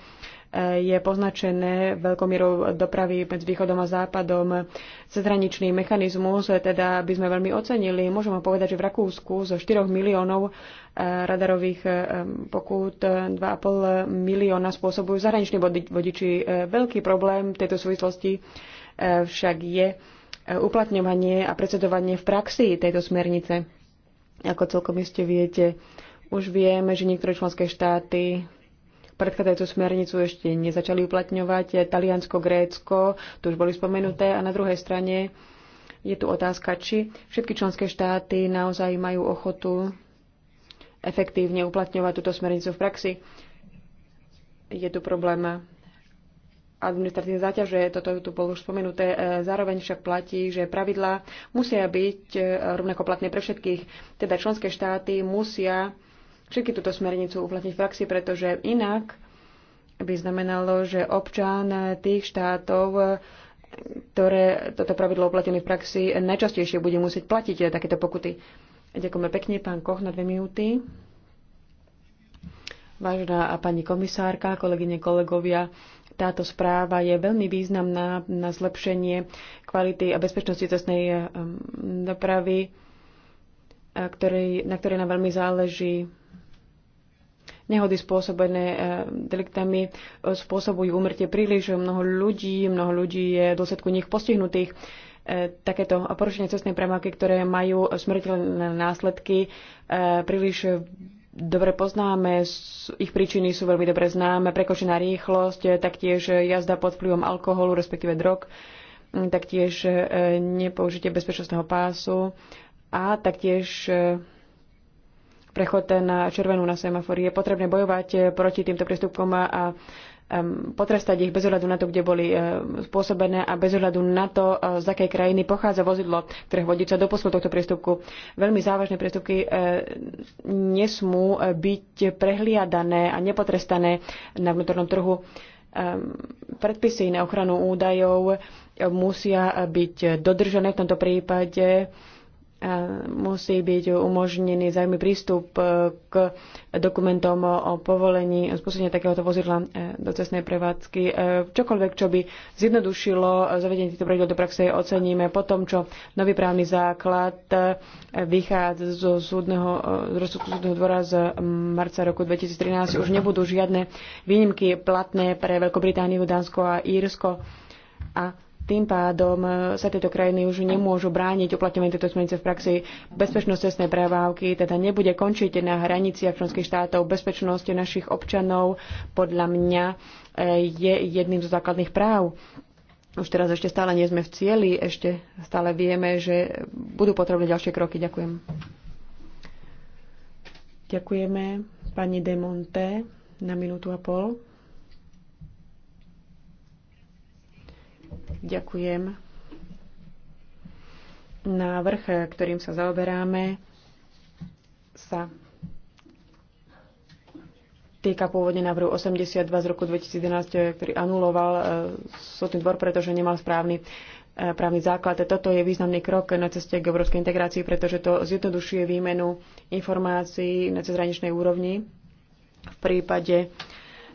Speaker 1: je poznačené veľkou mierou dopravy medzi východom a západom. Cezhraničný mechanizmus teda by sme veľmi ocenili. Môžeme povedať, že v Rakúsku zo 4 miliónov eh, radarových eh, pokút 2,5 eh, milióna spôsobujú zahraniční vodiči. Veľký problém v tejto súvislosti však je uplatňovanie a predsedovanie v praxi tejto smernice. Ako celkom iste viete, už vieme, že niektoré členské štáty predchádzajúcu smernicu ešte nezačali uplatňovať. Taliansko, Grécko, to už boli spomenuté. A na druhej strane je tu otázka, či všetky členské štáty naozaj majú ochotu efektívne uplatňovať túto smernicu v praxi. Je tu problém administratívne záťaže, toto tu bolo už spomenuté. E, zároveň však platí, že pravidlá musia byť e, rovnako platné pre všetkých. Teda členské štáty musia všetky túto smernicu uplatniť v praxi, pretože inak by znamenalo, že občan tých štátov, ktoré toto pravidlo uplatili v praxi, najčastejšie bude musieť platiť takéto pokuty. Ďakujeme pekne, pán Koch, na dve minúty. Vážená pani komisárka, kolegyne, kolegovia, táto správa je veľmi významná na zlepšenie kvality a bezpečnosti cestnej um, dopravy, na ktorej nám veľmi záleží. Nehody spôsobené eh, deliktami eh, spôsobujú umrtie príliš mnoho ľudí, mnoho ľudí je v dôsledku nich postihnutých eh, takéto porušenie cestnej premávky, ktoré majú smrteľné následky, príliš dobre poznáme, ich príčiny sú veľmi dobre známe, prekočená rýchlosť, taktiež jazda pod vplyvom alkoholu, respektíve drog, mm, taktiež nepoužitie bezpečnostného pásu a taktiež prechod na červenú na semafor. Je potrebné bojovať eh, proti týmto prístupkom a potrestať ich bez ohľadu na to, kde boli eh, spôsobené a bez ohľadu na to, eh, z akej krajiny pochádza vozidlo, ktoré do poslu tohto priestupku. Veľmi závažné priestupky nesmú byť prehliadané a nepotrestané na vnútornom trhu. Predpisy na ochranu údajov musia byť dodržané v tomto prípade musí byť umožnený zájmy prístup e, k dokumentom o povolení spôsobenia takéhoto vozidla e, do cestnej prevádzky. E, čokoľvek, čo by zjednodušilo zavedenie týchto pravidel do praxe, oceníme po tom, čo nový právny základ vychádza zo súdneho, z rozsudku súdneho dvora z marca roku 2013. Už nebudú žiadne výnimky platné pre Veľkú Britániu, Dánsko a Írsko. A tým pádom e, sa tieto krajiny už nemôžu brániť uplatňovaniu tejto smernice v praxi. Bezpečnosť cestnej prevávky teda nebude končiť na hraniciach členských štátov. Bezpečnosť našich občanov podľa mňa e, je jedným zo základných práv. Už teraz ešte stále nie sme v cieli, ešte stále vieme, že budú potrebné ďalšie kroky. Ďakujem. Ďakujeme pani Demonte na minútu a pol. Ďakujem. Návrh, ktorým sa zaoberáme, sa týka pôvodne návrhu 82 z roku 2011, ktorý anuloval e, Sotný dvor, pretože nemal správny e, právny základ. Toto je významný krok na ceste k európskej integrácii, pretože to zjednodušuje výmenu informácií na cezhraničnej úrovni v prípade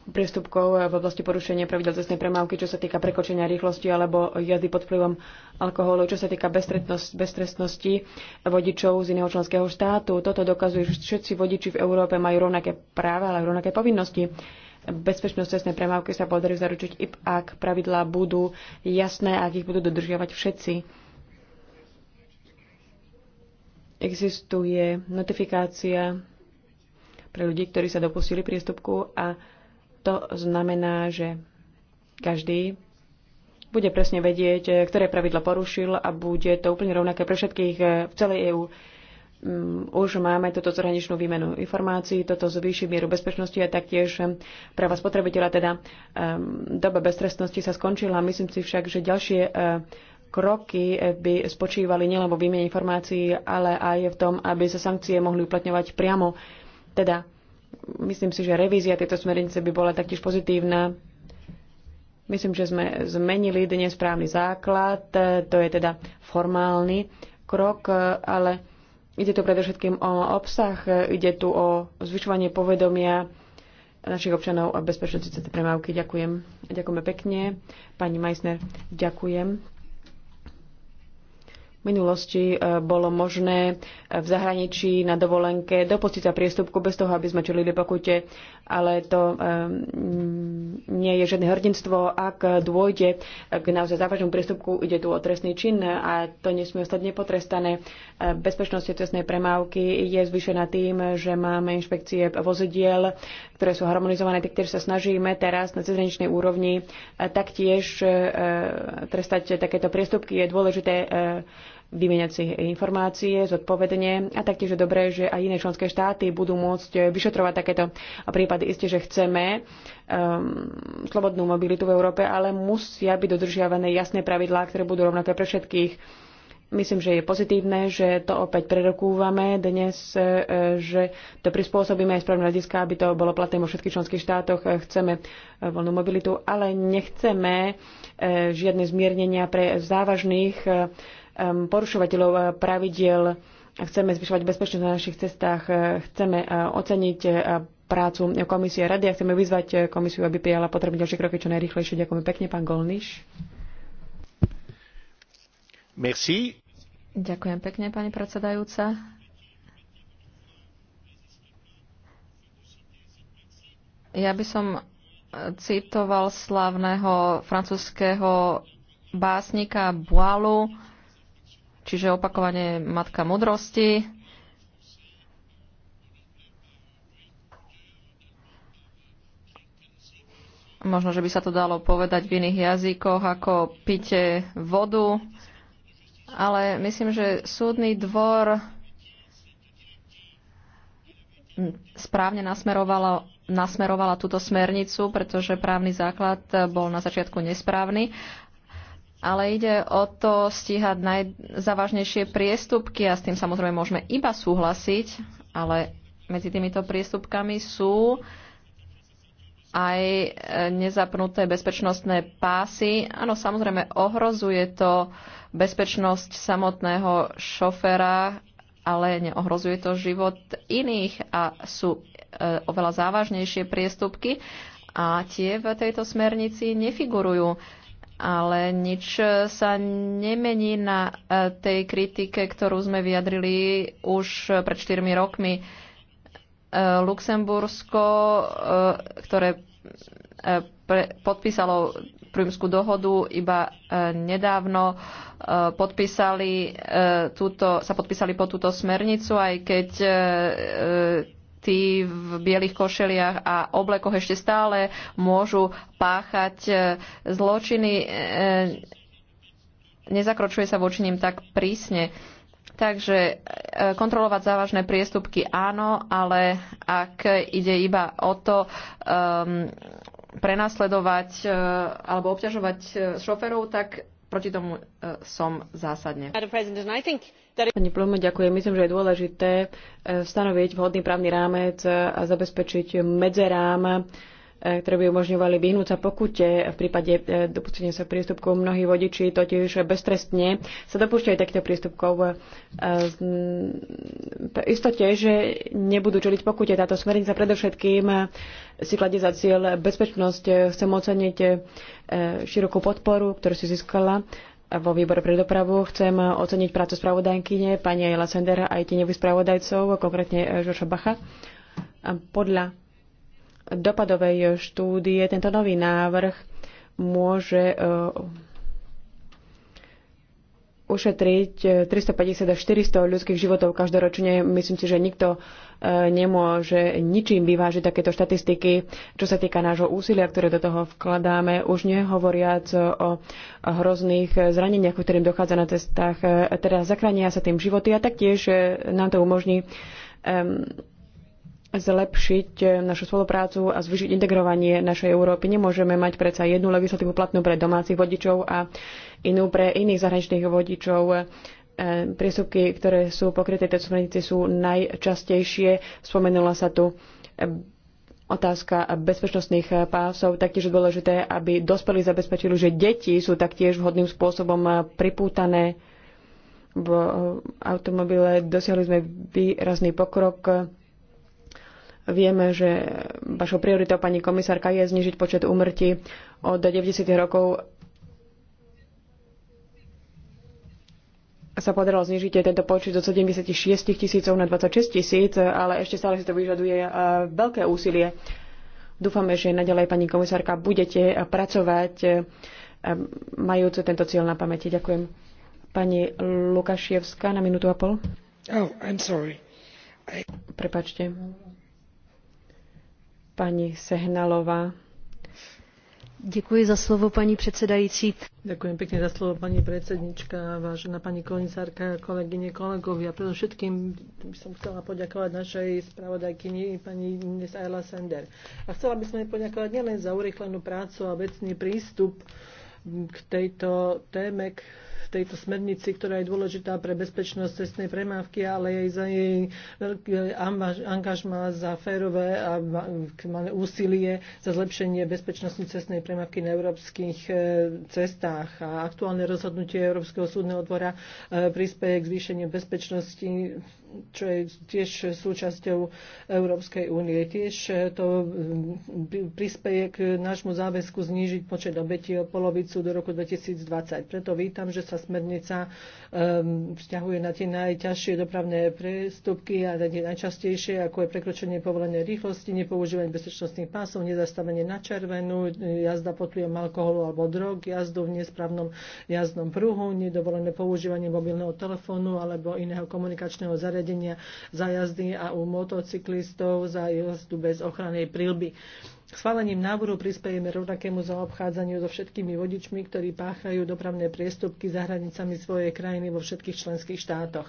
Speaker 1: priestupkov v oblasti porušenia pravidel cestnej premávky, čo sa týka prekočenia rýchlosti alebo jazdy pod vplyvom alkoholu, čo sa týka beztrestnosti vodičov z iného členského štátu. Toto dokazuje, že všetci vodiči v Európe majú rovnaké práva, ale rovnaké povinnosti. Bezpečnosť cestnej premávky sa podarí zaručiť, i ak pravidlá budú jasné, ak ich budú dodržiavať všetci. Existuje notifikácia pre ľudí, ktorí sa dopustili priestupku a to znamená, že každý bude presne vedieť, ktoré pravidlo porušil a bude to úplne rovnaké pre všetkých v celej EÚ. Mm, už máme túto zahraničnú výmenu informácií, toto zvýši mieru bezpečnosti a taktiež ehm, pre vás spotrebiteľa, teda ehm, doba beztrestnosti sa skončila. Myslím si však, že ďalšie ehm, kroky eh, by spočívali nielen vo výmene informácií, ale aj v tom, aby sa sankcie mohli uplatňovať priamo. Teda Myslím si, že revízia tejto smernice by bola taktiež pozitívna. Myslím, že sme zmenili dnes právny základ, to je teda formálny krok, ale ide tu predovšetkým o obsah, ide tu o zvyšovanie povedomia našich občanov a bezpečnosti cez premávky. Ďakujem. Ďakujeme pekne. Pani Meissner, ďakujem minulosti e, bolo možné e, v zahraničí na dovolenke dopustiť sa priestupku bez toho, aby sme čelili pokute, ale to e, mm, nie je žiadne hrdinstvo. Ak dôjde k naozaj závažnému priestupku, ide tu o trestný čin a to nesmie ostať nepotrestané. Bezpečnosť trestnej premávky je zvyšená tým, že máme inšpekcie vozidiel, ktoré sú harmonizované, taktiež sa snažíme teraz na cezhraničnej úrovni taktiež trestať takéto priestupky. Je dôležité vymieňať si informácie zodpovedne a taktiež je dobré, že aj iné členské štáty budú môcť eh, vyšetrovať takéto prípady. Isté, že chceme um, slobodnú mobilitu v Európe, ale musia byť dodržiavané jasné pravidlá, ktoré budú rovnaké pre všetkých. Myslím, že je pozitívne, že to opäť prerokúvame dnes, eh, že to prispôsobíme aj správne hľadiska, aby to bolo platné vo všetkých členských štátoch. Eh, chceme voľnú mobilitu, ale nechceme žiadne zmiernenia pre závažných Um, porušovateľov uh, pravidiel, chceme zvyšovať bezpečnosť na našich cestách, uh, chceme uh, oceniť prácu komisie rady a chceme vyzvať komisiu, aby prijala potrebné ďalšie kroky čo najrychlejšie. Ďakujem pekne, pán Golniš.
Speaker 3: Merci.
Speaker 4: Ďakujem pekne, pani predsedajúca. Ja by som citoval slavného francúzského básnika Boilu, Čiže opakovanie matka mudrosti. Možno, že by sa to dalo povedať v iných jazykoch ako pite vodu, ale myslím, že súdny dvor správne nasmerovala, nasmerovala túto smernicu, pretože právny základ bol na začiatku nesprávny ale ide o to stíhať najzávažnejšie priestupky a s tým samozrejme môžeme iba súhlasiť, ale medzi týmito priestupkami sú aj e, nezapnuté bezpečnostné pásy. Áno, samozrejme ohrozuje to bezpečnosť samotného šoféra, ale neohrozuje to život iných a sú e, oveľa závažnejšie priestupky a tie v tejto smernici nefigurujú ale nič e, sa nemení na e, tej kritike, ktorú sme vyjadrili už e, pred 4 rokmi. Luxembursko, ktoré podpísalo prímskú dohodu iba nedávno, podpísali túto, sa podpísali po túto smernicu, aj keď tí v bielých košeliach a oblekoch ešte stále môžu páchať e, zločiny. E, nezakročuje sa voči nim tak prísne. Takže e, kontrolovať závažné priestupky áno, ale ak ide iba o to um, prenasledovať uh, alebo obťažovať šoferov, tak proti tomu uh, som zásadne.
Speaker 1: Pani Plome, ďakujem. Myslím, že je dôležité e, stanoviť vhodný právny rámec a zabezpečiť medzerám, e, ktoré by umožňovali vyhnúť sa pokute v prípade e, dopustenia sa prístupkov. Mnohí vodiči totiž beztrestne sa dopúšťajú takýchto prístupkov. V istote, že nebudú čeliť pokute. Táto smernica predovšetkým si kladie za cieľ bezpečnosť. Chcem oceniť širokú podporu, ktorú si získala vo výbore pre dopravu. Chcem oceniť prácu spravodajkyne, pani Jela Sendera aj tieňových spravodajcov, konkrétne eh, Žoša Bacha. Podľa dopadovej štúdie tento nový návrh môže eh, ušetriť 350 e, až 400 ľudských životov každoročne. Myslím si, že nikto e, nemôže ničím vyvážiť takéto štatistiky, čo sa týka nášho úsilia, ktoré do toho vkladáme, už nehovoriac o hrozných zraneniach, ktorým dochádza na cestách. E, teda zakrania sa tým životy a taktiež nám to umožní zlepšiť eh, našu spoluprácu a zvýšiť integrovanie našej Európy. Nemôžeme mať predsa jednu legislatívu platnú pre domácich vodičov a inú pre iných zahraničných vodičov. Eh, Priestupky, ktoré sú pokryté tejto smernici, sú najčastejšie. Spomenula sa tu eh, otázka bezpečnostných pásov. Taktiež je dôležité, aby dospelí zabezpečili, že deti sú taktiež vhodným spôsobom pripútané v automobile. Dosiahli sme výrazný pokrok Vieme, že vašou prioritou, pani komisárka, je znižiť počet úmrtí od 90. rokov. sa podarilo znižiť tento počet zo 76 tisícov na 26 tisíc, ale ešte stále si to vyžaduje e, veľké úsilie. Dúfame, že naďalej, pani komisárka, budete pracovať e, majúce tento cieľ na pamäti. Ďakujem. Pani Lukašievská na minútu a pol. Oh, I'm sorry. I... Prepačte.
Speaker 2: Pani Sehnalová. Ďakujem za slovo, pani predsedajúci. Ďakujem pekne za slovo, pani predsednička, vážená pani komisárka, kolegyne, kolegovia. Predovšetkým by som chcela poďakovať našej spravodajkyni, pani Ines Ayla Sender. A chcela by som jej poďakovať nielen za urychlenú prácu a vecný prístup k tejto téme, v tejto smernici, ktorá je dôležitá pre bezpečnosť cestnej premávky, ale aj za jej veľké angažma za férové a úsilie za zlepšenie bezpečnosti cestnej premávky na európskych e, cestách. A aktuálne rozhodnutie Európskeho súdneho dvora e, prispieje k zvýšeniu bezpečnosti čo je tiež súčasťou Európskej únie. Tiež e, to prispieje k nášmu záväzku znížiť počet obetí o polovicu do roku 2020. Preto vítam, že sa smernica um, vzťahuje na tie najťažšie dopravné prestupky a na tie najčastejšie, ako je prekročenie povolenej rýchlosti, nepoužívanie bezpečnostných pásov, nezastavenie na červenú, jazda pod vplyvom alkoholu alebo drog, jazdu v nesprávnom jazdnom pruhu, nedovolené používanie mobilného telefónu alebo iného komunikačného zariadenia za jazdy a u motocyklistov za jazdu bez ochrany prílby. Schválením návoru prispejeme rovnakému zaobchádzaniu so všetkými vodičmi, ktorí páchajú dopravné priestupky za hranicami svojej krajiny vo všetkých členských štátoch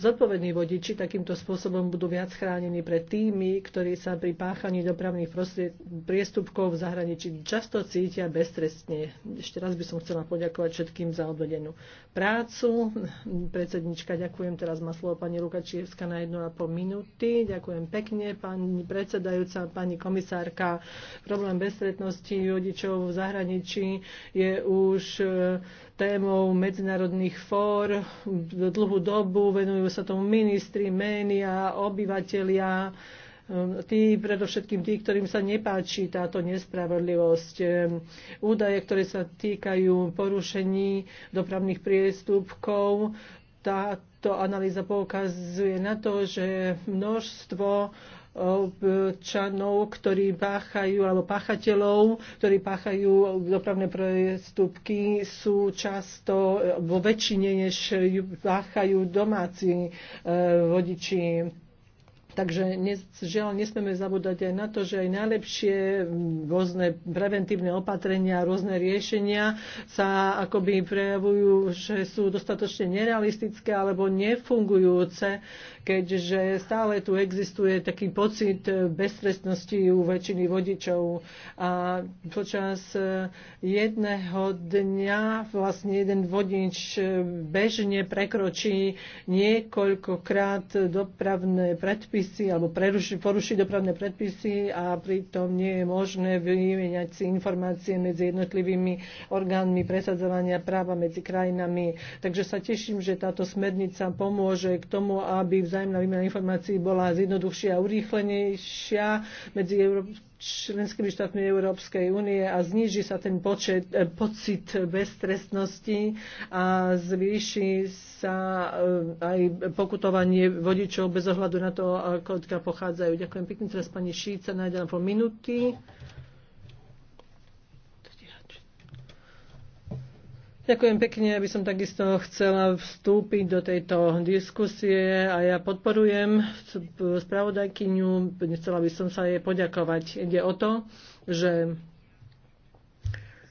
Speaker 2: zodpovední vodiči takýmto spôsobom budú viac chránení pred tými, ktorí sa pri páchaní dopravných priestupkov v zahraničí často cítia beztrestne. Ešte raz by som chcela poďakovať všetkým za odvedenú prácu. Predsednička, ďakujem. Teraz má slovo pani Lukačievska na 1,5 minúty. Ďakujem pekne, pani predsedajúca, pani komisárka. Problém bezstretnosti vodičov v zahraničí je už témou medzinárodných fór dlhú dobu, venujú sa tomu ministri, ménia, obyvatelia, tí, predovšetkým tí, ktorým sa nepáči táto nespravodlivosť. Údaje, ktoré sa týkajú porušení dopravných priestupkov, táto analýza poukazuje na to, že množstvo občanov, ktorí páchajú, alebo páchateľov, ktorí páchajú dopravné prestupky, sú často vo väčšine, než páchajú domáci e, vodiči. Takže žiaľ, nesmeme zabúdať aj na to, že aj najlepšie rôzne preventívne opatrenia, rôzne riešenia sa akoby prejavujú, že sú dostatočne nerealistické alebo nefungujúce, keďže stále tu existuje taký pocit beztrestnosti u väčšiny vodičov. A počas e, jedného dňa vlastne jeden vodič e, bežne prekročí niekoľkokrát dopravné predpisy alebo preruši, poruší dopravné predpisy a pritom nie je možné vymeniať si informácie medzi jednotlivými orgánmi presadzovania práva medzi krajinami. Takže sa teším, že táto smernica pomôže k tomu, aby vzájomná výmena informácií bola zjednoduchšia a urýchlenejšia medzi členskými štátmi Európskej únie a zniží sa ten počet, eh, pocit beztrestnosti a zvýši sa eh, aj pokutovanie vodičov bez ohľadu na to, ako pochádzajú. Ďakujem pekne. Teraz pani Šíca, nájdem po minúty. Ďakujem pekne, aby som takisto chcela vstúpiť do tejto diskusie a ja podporujem spravodajkyňu, chcela by som sa jej poďakovať. Ide o to, že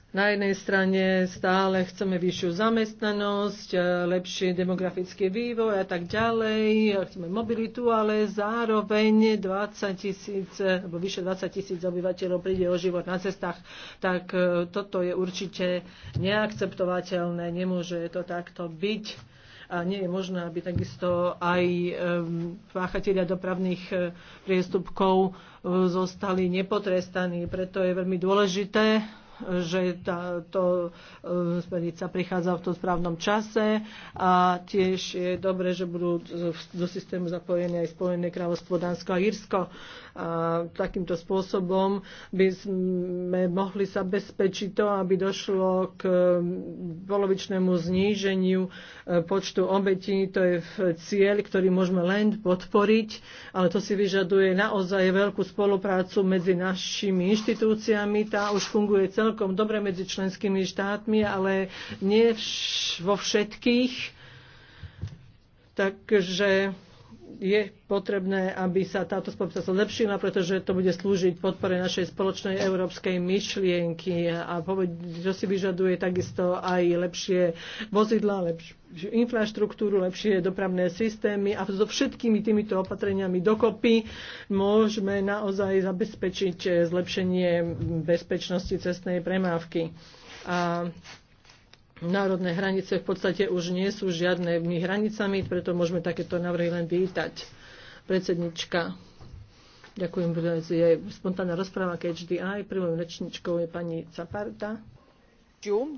Speaker 2: na jednej strane stále chceme vyššiu zamestnanosť, e, lepší demografický vývoj a tak ďalej, e, chceme mobilitu, ale zároveň 20 tisíc, alebo vyše 20 tisíc obyvateľov príde o život na cestách, tak e, toto je určite neakceptovateľné, nemôže to takto byť a nie je možné, aby takisto aj páchatelia dopravných priestupkov zostali nepotrestaní. Preto je veľmi dôležité že táto e, smernica prichádza v tom správnom čase a tiež je dobre, že budú do systému zapojené aj Spojené kráľovstvo Dánsko a Írsko. A takýmto spôsobom by sme mohli zabezpečiť to, aby došlo k e, polovičnému zníženiu e, počtu obetí. To je cieľ, ktorý môžeme len podporiť, ale to si vyžaduje naozaj veľkú spoluprácu medzi našimi inštitúciami. Tá už funguje celkom celkom dobre medzi členskými štátmi, ale nie vo všetkých. Takže je potrebné, aby sa táto spolupráca zlepšila, pretože to bude slúžiť podpore našej spoločnej európskej myšlienky a to si vyžaduje takisto aj lepšie vozidla, lepšiu infraštruktúru, lepšie dopravné systémy a so všetkými týmito opatreniami dokopy môžeme naozaj zabezpečiť zlepšenie bezpečnosti cestnej premávky. A národné hranice v podstate už nie sú žiadnymi hranicami, preto môžeme takéto návrhy len vítať. Predsednička, ďakujem, že je spontánna rozpráva KHDI. Prvou rečničkou je pani Caparta.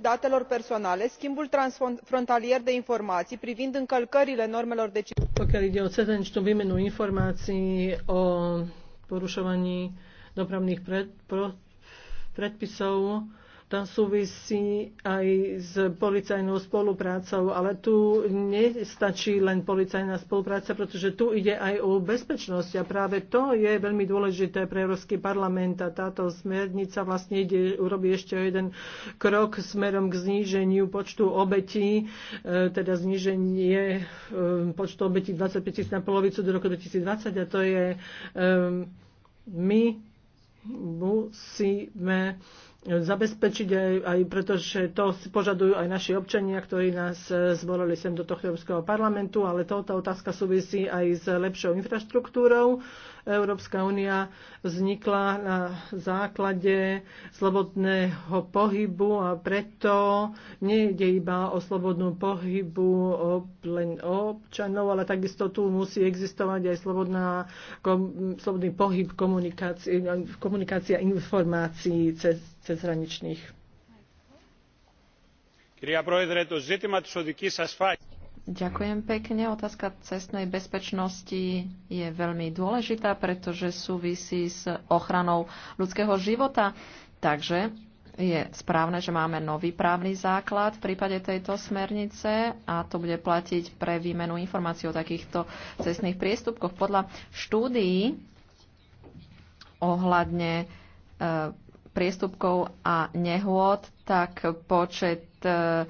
Speaker 2: datelor personale, schimbul transfrontalier de informații privind încălcările normelor de Pokiaľ ide o cedenčnú výmenu informácií o porušovaní dopravných pred, pro, predpisov, tá súvisí aj s policajnou spoluprácou, ale tu nestačí len policajná spolupráca, pretože tu ide aj o bezpečnosť a práve to je veľmi dôležité pre Európsky parlament a táto smernica vlastne ide, urobí ešte jeden krok smerom k zníženiu počtu obetí, e, teda zníženie e, počtu obetí 25 tisíc na polovicu do roku 2020 a to je e, my musíme zabezpečiť aj, aj pretože to požadujú aj naši občania, ktorí nás eh, zvolili sem do tohto Európskeho parlamentu, ale toto otázka súvisí aj s lepšou infraštruktúrou Európska únia vznikla na základe slobodného pohybu a preto nejde iba o slobodnú pohybu o len občanov, ale takisto tu musí existovať aj slobodná, kom, slobodný pohyb komunikácie, komunikácia informácií cez, cezhraničných.
Speaker 3: Κυρία
Speaker 4: Ďakujem pekne. Otázka cestnej bezpečnosti je veľmi dôležitá, pretože súvisí s ochranou ľudského života. Takže je správne, že máme nový právny základ v prípade tejto smernice a to bude platiť pre výmenu informácií o takýchto cestných priestupkoch. Podľa štúdií ohľadne e, priestupkov a nehôd, tak počet e,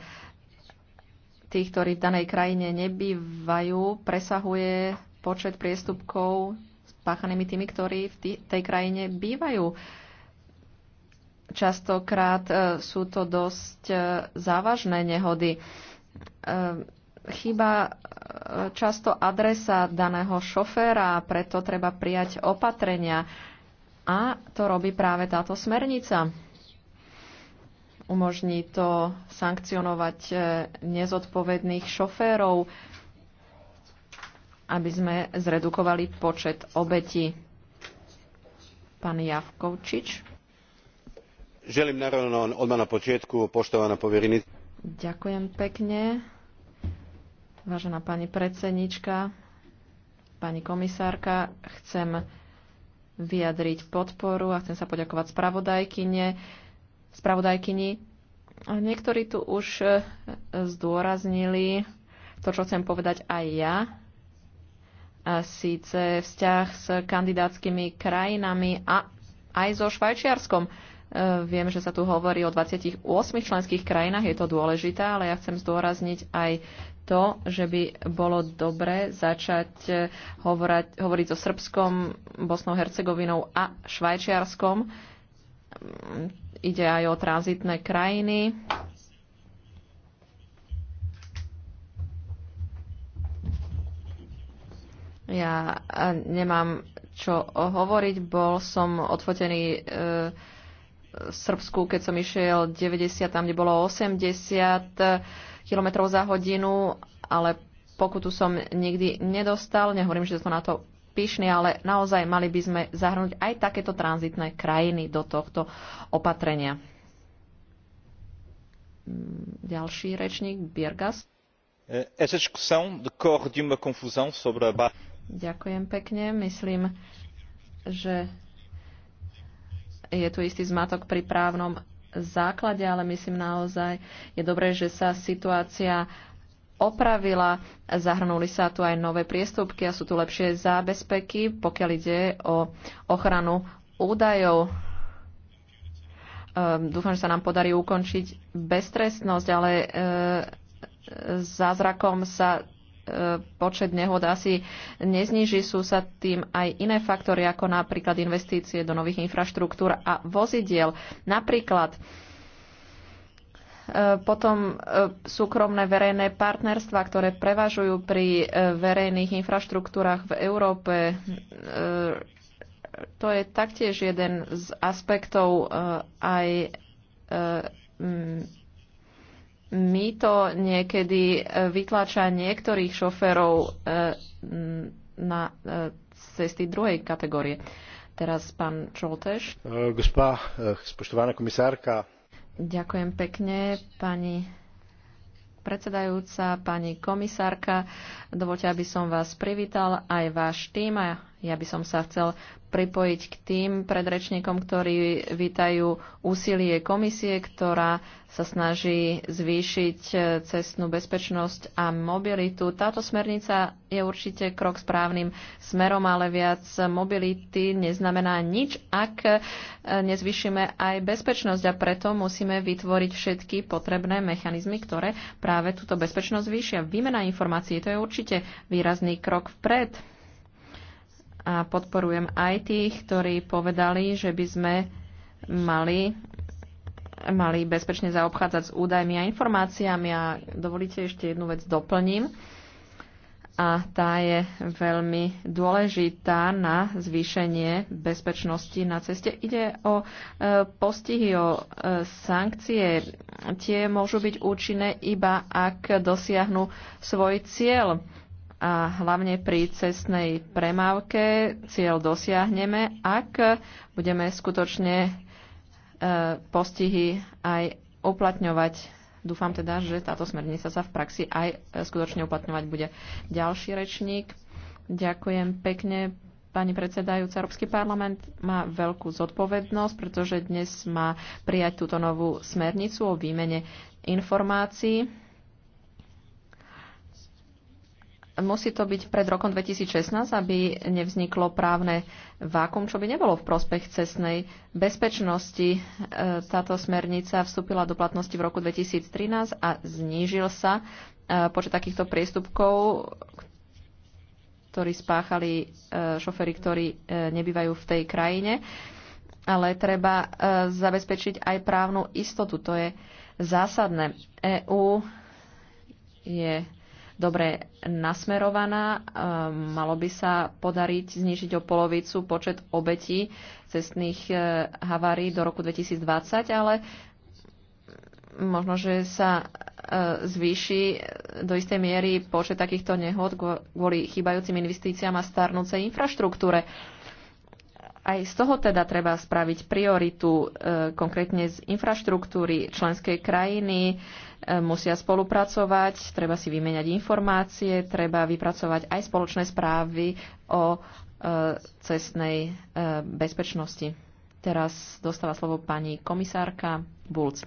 Speaker 4: tých, ktorí v danej krajine nebývajú, presahuje počet priestupkov spáchanými tými, ktorí v tej krajine bývajú. Častokrát e, sú to dosť e, závažné nehody. E, chyba často adresa daného šoféra, preto treba prijať opatrenia. A to robí práve táto smernica. Umožní to sankcionovať e, nezodpovedných šoférov, aby sme zredukovali počet obetí. Pán Javkovčič.
Speaker 3: Želím naravno
Speaker 5: odmah na počiatku poštovaná povjerenica.
Speaker 4: Ďakujem pekne. Vážená pani predsednička, pani komisárka, chcem vyjadriť podporu a chcem sa poďakovať spravodajkyne spravodajkyni. Niektorí tu už e, zdôraznili to, čo chcem povedať aj ja. A síce vzťah s kandidátskymi krajinami a aj so Švajčiarskom. E, viem, že sa tu hovorí o 28 členských krajinách, je to dôležité, ale ja chcem zdôrazniť aj to, že by bolo dobre začať e, hovorať, hovoriť so Srbskom, Bosnou, Hercegovinou a Švajčiarskom. Ide aj o tranzitné krajiny. Ja e, nemám čo hovoriť. Bol som odfotený e, v Srbsku, keď som išiel 90, tam, kde bolo 80 e, km za hodinu, ale pokutu som nikdy nedostal. Nehovorím, že som na to pyšní, ale naozaj mali by sme zahrnúť aj takéto tranzitné krajiny do tohto opatrenia. Mm, ďalší rečník, Biergas. Eh, Ďakujem pekne. Myslím, že je tu istý zmatok pri právnom základe, ale myslím naozaj, je dobré, že sa situácia opravila. Zahrnuli sa tu aj nové priestupky a sú tu lepšie zábezpeky, pokiaľ ide o ochranu údajov. Ehm, dúfam, že sa nám podarí ukončiť beztrestnosť, ale e, zázrakom sa e, počet nehod asi nezniží. Sú sa tým aj iné faktory, ako napríklad investície do nových infraštruktúr a vozidiel. Napríklad E, potom e, súkromné verejné partnerstva, ktoré prevažujú pri e, verejných infraštruktúrach v Európe. To je taktiež jeden z aspektov aj my to niekedy vytlača niektorých šoférov na cesty druhej kategórie. Teraz pán Čoltež.
Speaker 3: Gospa, spoštovaná komisárka,
Speaker 4: Ďakujem pekne, pani predsedajúca, pani komisárka. Dovolte, aby som vás privítal aj váš tým a ja by som sa chcel pripojiť k tým predrečníkom, ktorí vítajú úsilie komisie, ktorá sa snaží zvýšiť eh, cestnú bezpečnosť a mobilitu. Táto smernica je určite krok správnym smerom, ale viac mobility neznamená nič, ak eh, nezvýšime aj bezpečnosť a preto musíme vytvoriť všetky potrebné mechanizmy, ktoré práve túto bezpečnosť zvýšia. Výmena informácií to je určite výrazný krok vpred a podporujem aj tých, ktorí povedali, že by sme mali, mali bezpečne zaobchádzať s údajmi a informáciami a dovolíte ešte jednu vec doplním a tá je veľmi dôležitá na zvýšenie bezpečnosti na ceste. Ide o e, postihy, o e, sankcie. Tie môžu byť účinné iba ak dosiahnu svoj cieľ a hlavne pri cestnej premávke cieľ dosiahneme, ak budeme skutočne e, postihy aj uplatňovať. Dúfam teda, že táto smernica sa v praxi aj e, skutočne uplatňovať bude. Ďalší rečník. Ďakujem pekne. Pani predsedajúca, Európsky parlament má veľkú zodpovednosť, pretože dnes má prijať túto novú smernicu o výmene informácií musí to byť pred rokom 2016, aby nevzniklo právne vákum, čo by nebolo v prospech cestnej bezpečnosti. E, táto smernica vstúpila do platnosti v roku 2013 a znížil sa e, počet takýchto priestupkov, ktorí spáchali e, šoféry, ktorí nebývajú v tej krajine. Ale treba zabezpečiť aj právnu istotu. To je zásadné. EÚ je dobre nasmerovaná. E, malo by sa podariť znižiť o polovicu počet obetí cestných e, havárií do roku 2020, ale možno, že sa e, zvýši do istej miery počet takýchto nehod kvôli chýbajúcim investíciám a starnúcej infraštruktúre. Aj z toho teda treba spraviť prioritu konkrétne z infraštruktúry členskej krajiny, E, musia spolupracovať, treba si vymeniať informácie, treba vypracovať aj spoločné správy o e, cestnej e, bezpečnosti. Teraz dostáva slovo pani komisárka Bulc.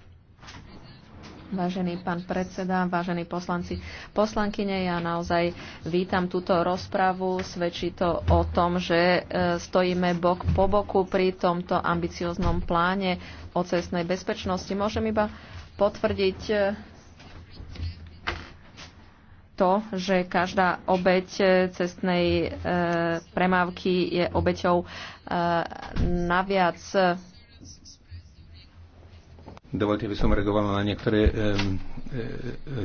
Speaker 4: Vážený pán predseda, vážení poslanci, poslankyne, ja naozaj vítam túto rozpravu. Svedčí to o tom, že stojíme bok po boku pri tomto ambicioznom pláne o cestnej bezpečnosti. Môžem iba potvrdiť e, to, že každá obeď e, cestnej e, premávky je obeťou e, naviac. E,
Speaker 3: Dovolte, by som reagoval na niektoré e, e,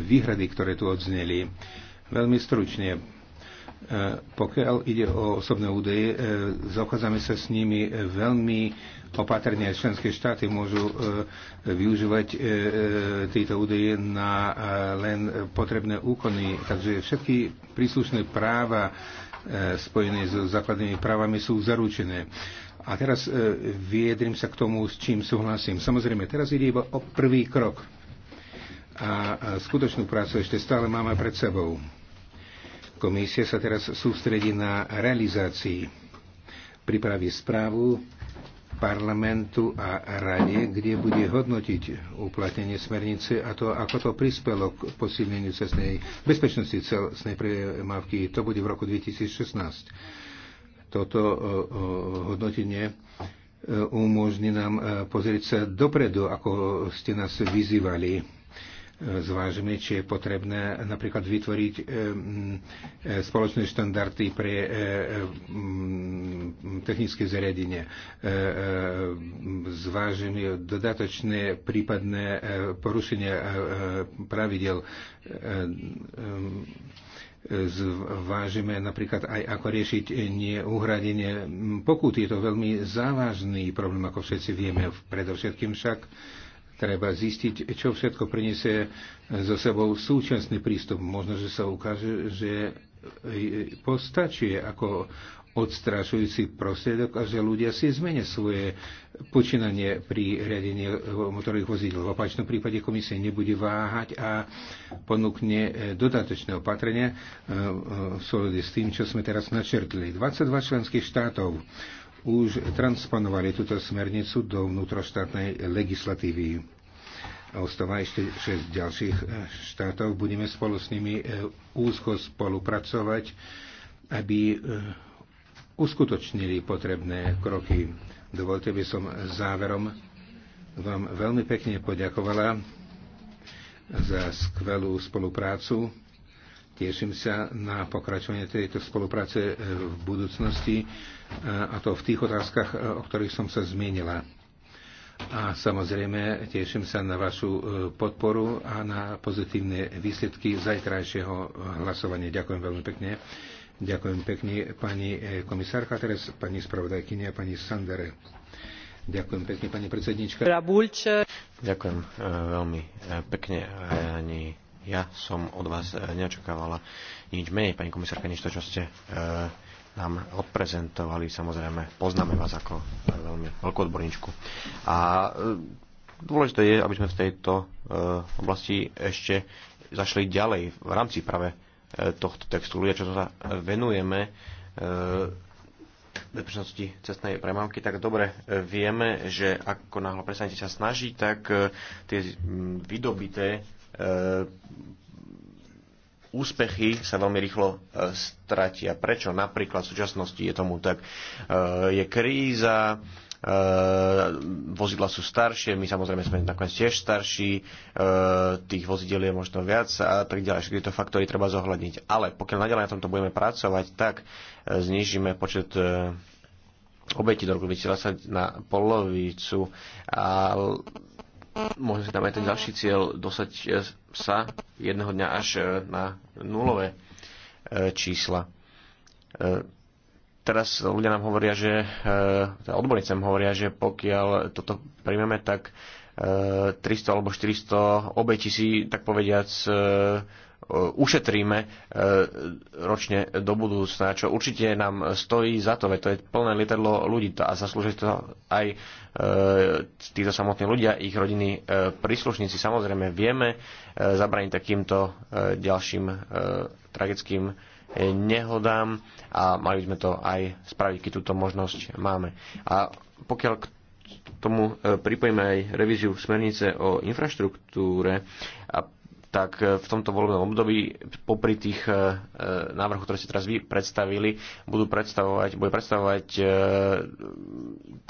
Speaker 3: výhrady, ktoré tu odzneli. Veľmi stručne. E, pokiaľ ide o osobné údaje, e, zaobchádzame sa s nimi veľmi Opatrne Členské štáty môžu e, využívať e, e, tieto údaje na len potrebné úkony. Takže všetky príslušné práva spojené so základnými právami sú zaručené. A teraz vyjedrím sa k tomu, s čím súhlasím. Samozrejme, teraz ide iba o prvý krok. A skutočnú prácu ešte stále máme pred sebou. Komisia sa teraz sústredí na realizácii. Pripraví správu, parlamentu a rade, kde bude hodnotiť uplatnenie smernice a to, ako to prispelo k posilneniu cestnej bezpečnosti cestnej premávky. To bude v roku 2016. Toto hodnotenie e, umožní nám e, pozrieť sa dopredu, ako ste nás vyzývali zvážime, či je potrebné napríklad vytvoriť eh, mm, eh, spoločné štandardy pre eh, mm, technické zariadenia. Zvážime dodatočné prípadné porušenie pravidel zvážime napríklad aj ako riešiť neuhradenie pokut. Je to veľmi závažný problém, ako všetci vieme. Predovšetkým však Treba zistiť, čo všetko priniesie zo sebou súčasný prístup. Možno, že sa ukáže, že postačuje ako odstrašujúci prostriedok a že ľudia si zmenia svoje počínanie pri riadení motorových vozidel. V opačnom prípade komisie nebude váhať a ponúkne dodatočné opatrenia e, e, v súlade s tým, čo sme teraz načrtli. 22 členských štátov už transponovali túto smernicu do vnútroštátnej legislatívy. Ostáva ešte 6 ďalších eh, štátov. Budeme spolu s nimi eh, úzko spolupracovať, aby eh, uskutočnili potrebné kroky. Dovolte by som záverom vám veľmi pekne poďakovala za skvelú spoluprácu. Teším sa na pokračovanie tejto spolupráce eh, v budúcnosti, eh, a to v tých otázkach, eh, o ktorých som sa zmienila. A samozrejme, teším sa na vašu podporu a na pozitívne výsledky zajtrajšieho hlasovania. Ďakujem veľmi pekne. Ďakujem pekne pani komisárka, teraz pani spravodajkynia, pani Sandere. Ďakujem pekne, pani predsednička. Ďakujem
Speaker 5: veľmi pekne, ani ja som od vás e, neočakávala nič menej, pani komisárka, než to, čo ste e, nám odprezentovali. Samozrejme, poznáme vás ako veľmi veľkú odborníčku. A e, dôležité je, aby sme v tejto oblasti ešte zašli ďalej v rámci práve tohto textu. Ľudia, čo sa venujeme bezpečnosti cestnej premávky, tak dobre vieme, že ako náhle prestanete sa snažiť, tak tie vydobité E, úspechy sa veľmi rýchlo e, stratia. Prečo? Napríklad v súčasnosti je tomu tak, e, je kríza, vozidla sú staršie, my samozrejme sme nakoniec tiež starší, tých vozidel je možno viac a tak ďalej. Všetky tieto faktory treba zohľadniť. Ale pokiaľ naďalej na tomto budeme pracovať, tak znižíme počet obeti do roku 2020 na polovicu. A možno si tam aj ten ďalší cieľ dosať e, sa jedného dňa až e, na nulové e, čísla. Teraz ľudia nám hovoria, že teda odborníci nám hovoria, že pokiaľ toto príjmeme, tak 300 alebo 400 obetí si tak povediac E, ušetríme e, ročne do budúcna, čo určite nám stojí za to, veď to je plné lietadlo ľudí a zaslúžia to aj e, títo samotní ľudia, ich rodiny, príslušníci. Samozrejme vieme zabraniť takýmto ďalším tragickým nehodám a mali sme to aj spraviť, keď túto možnosť máme. A pokiaľ k tomu pripojíme aj revíziu smernice o infraštruktúre a tak e, v tomto voľbnom období popri tých e, e, návrhoch, ktoré ste teraz vy predstavili, budú predstavovať, bude predstavovať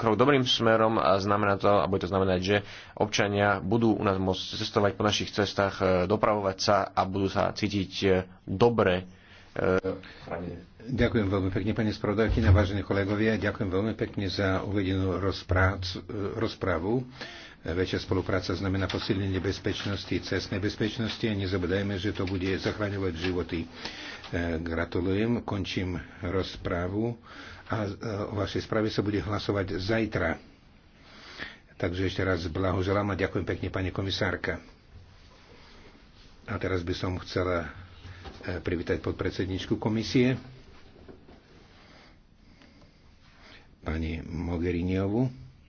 Speaker 5: krok dobrým smerom a znamená to, a bude to znamenať, že občania budú u nás môcť cestovať po našich cestách, dopravovať sa a budú sa cítiť dobre.
Speaker 3: Ďakujem veľmi pekne, pani spravodajkyňa, vážení kolegovia. Ďakujem veľmi pekne za uvedenú rozprávu. Väčšia spolupráca znamená posilnenie bezpečnosti, cestnej bezpečnosti a nezabudajme, že to bude zachraňovať životy. E, gratulujem, končím rozprávu a e, o vašej správe sa bude hlasovať zajtra. Takže ešte raz blahoželám a ďakujem pekne, pani komisárka. A teraz by som chcela e, privítať podpredsedničku komisie, pani Mogheriniovu.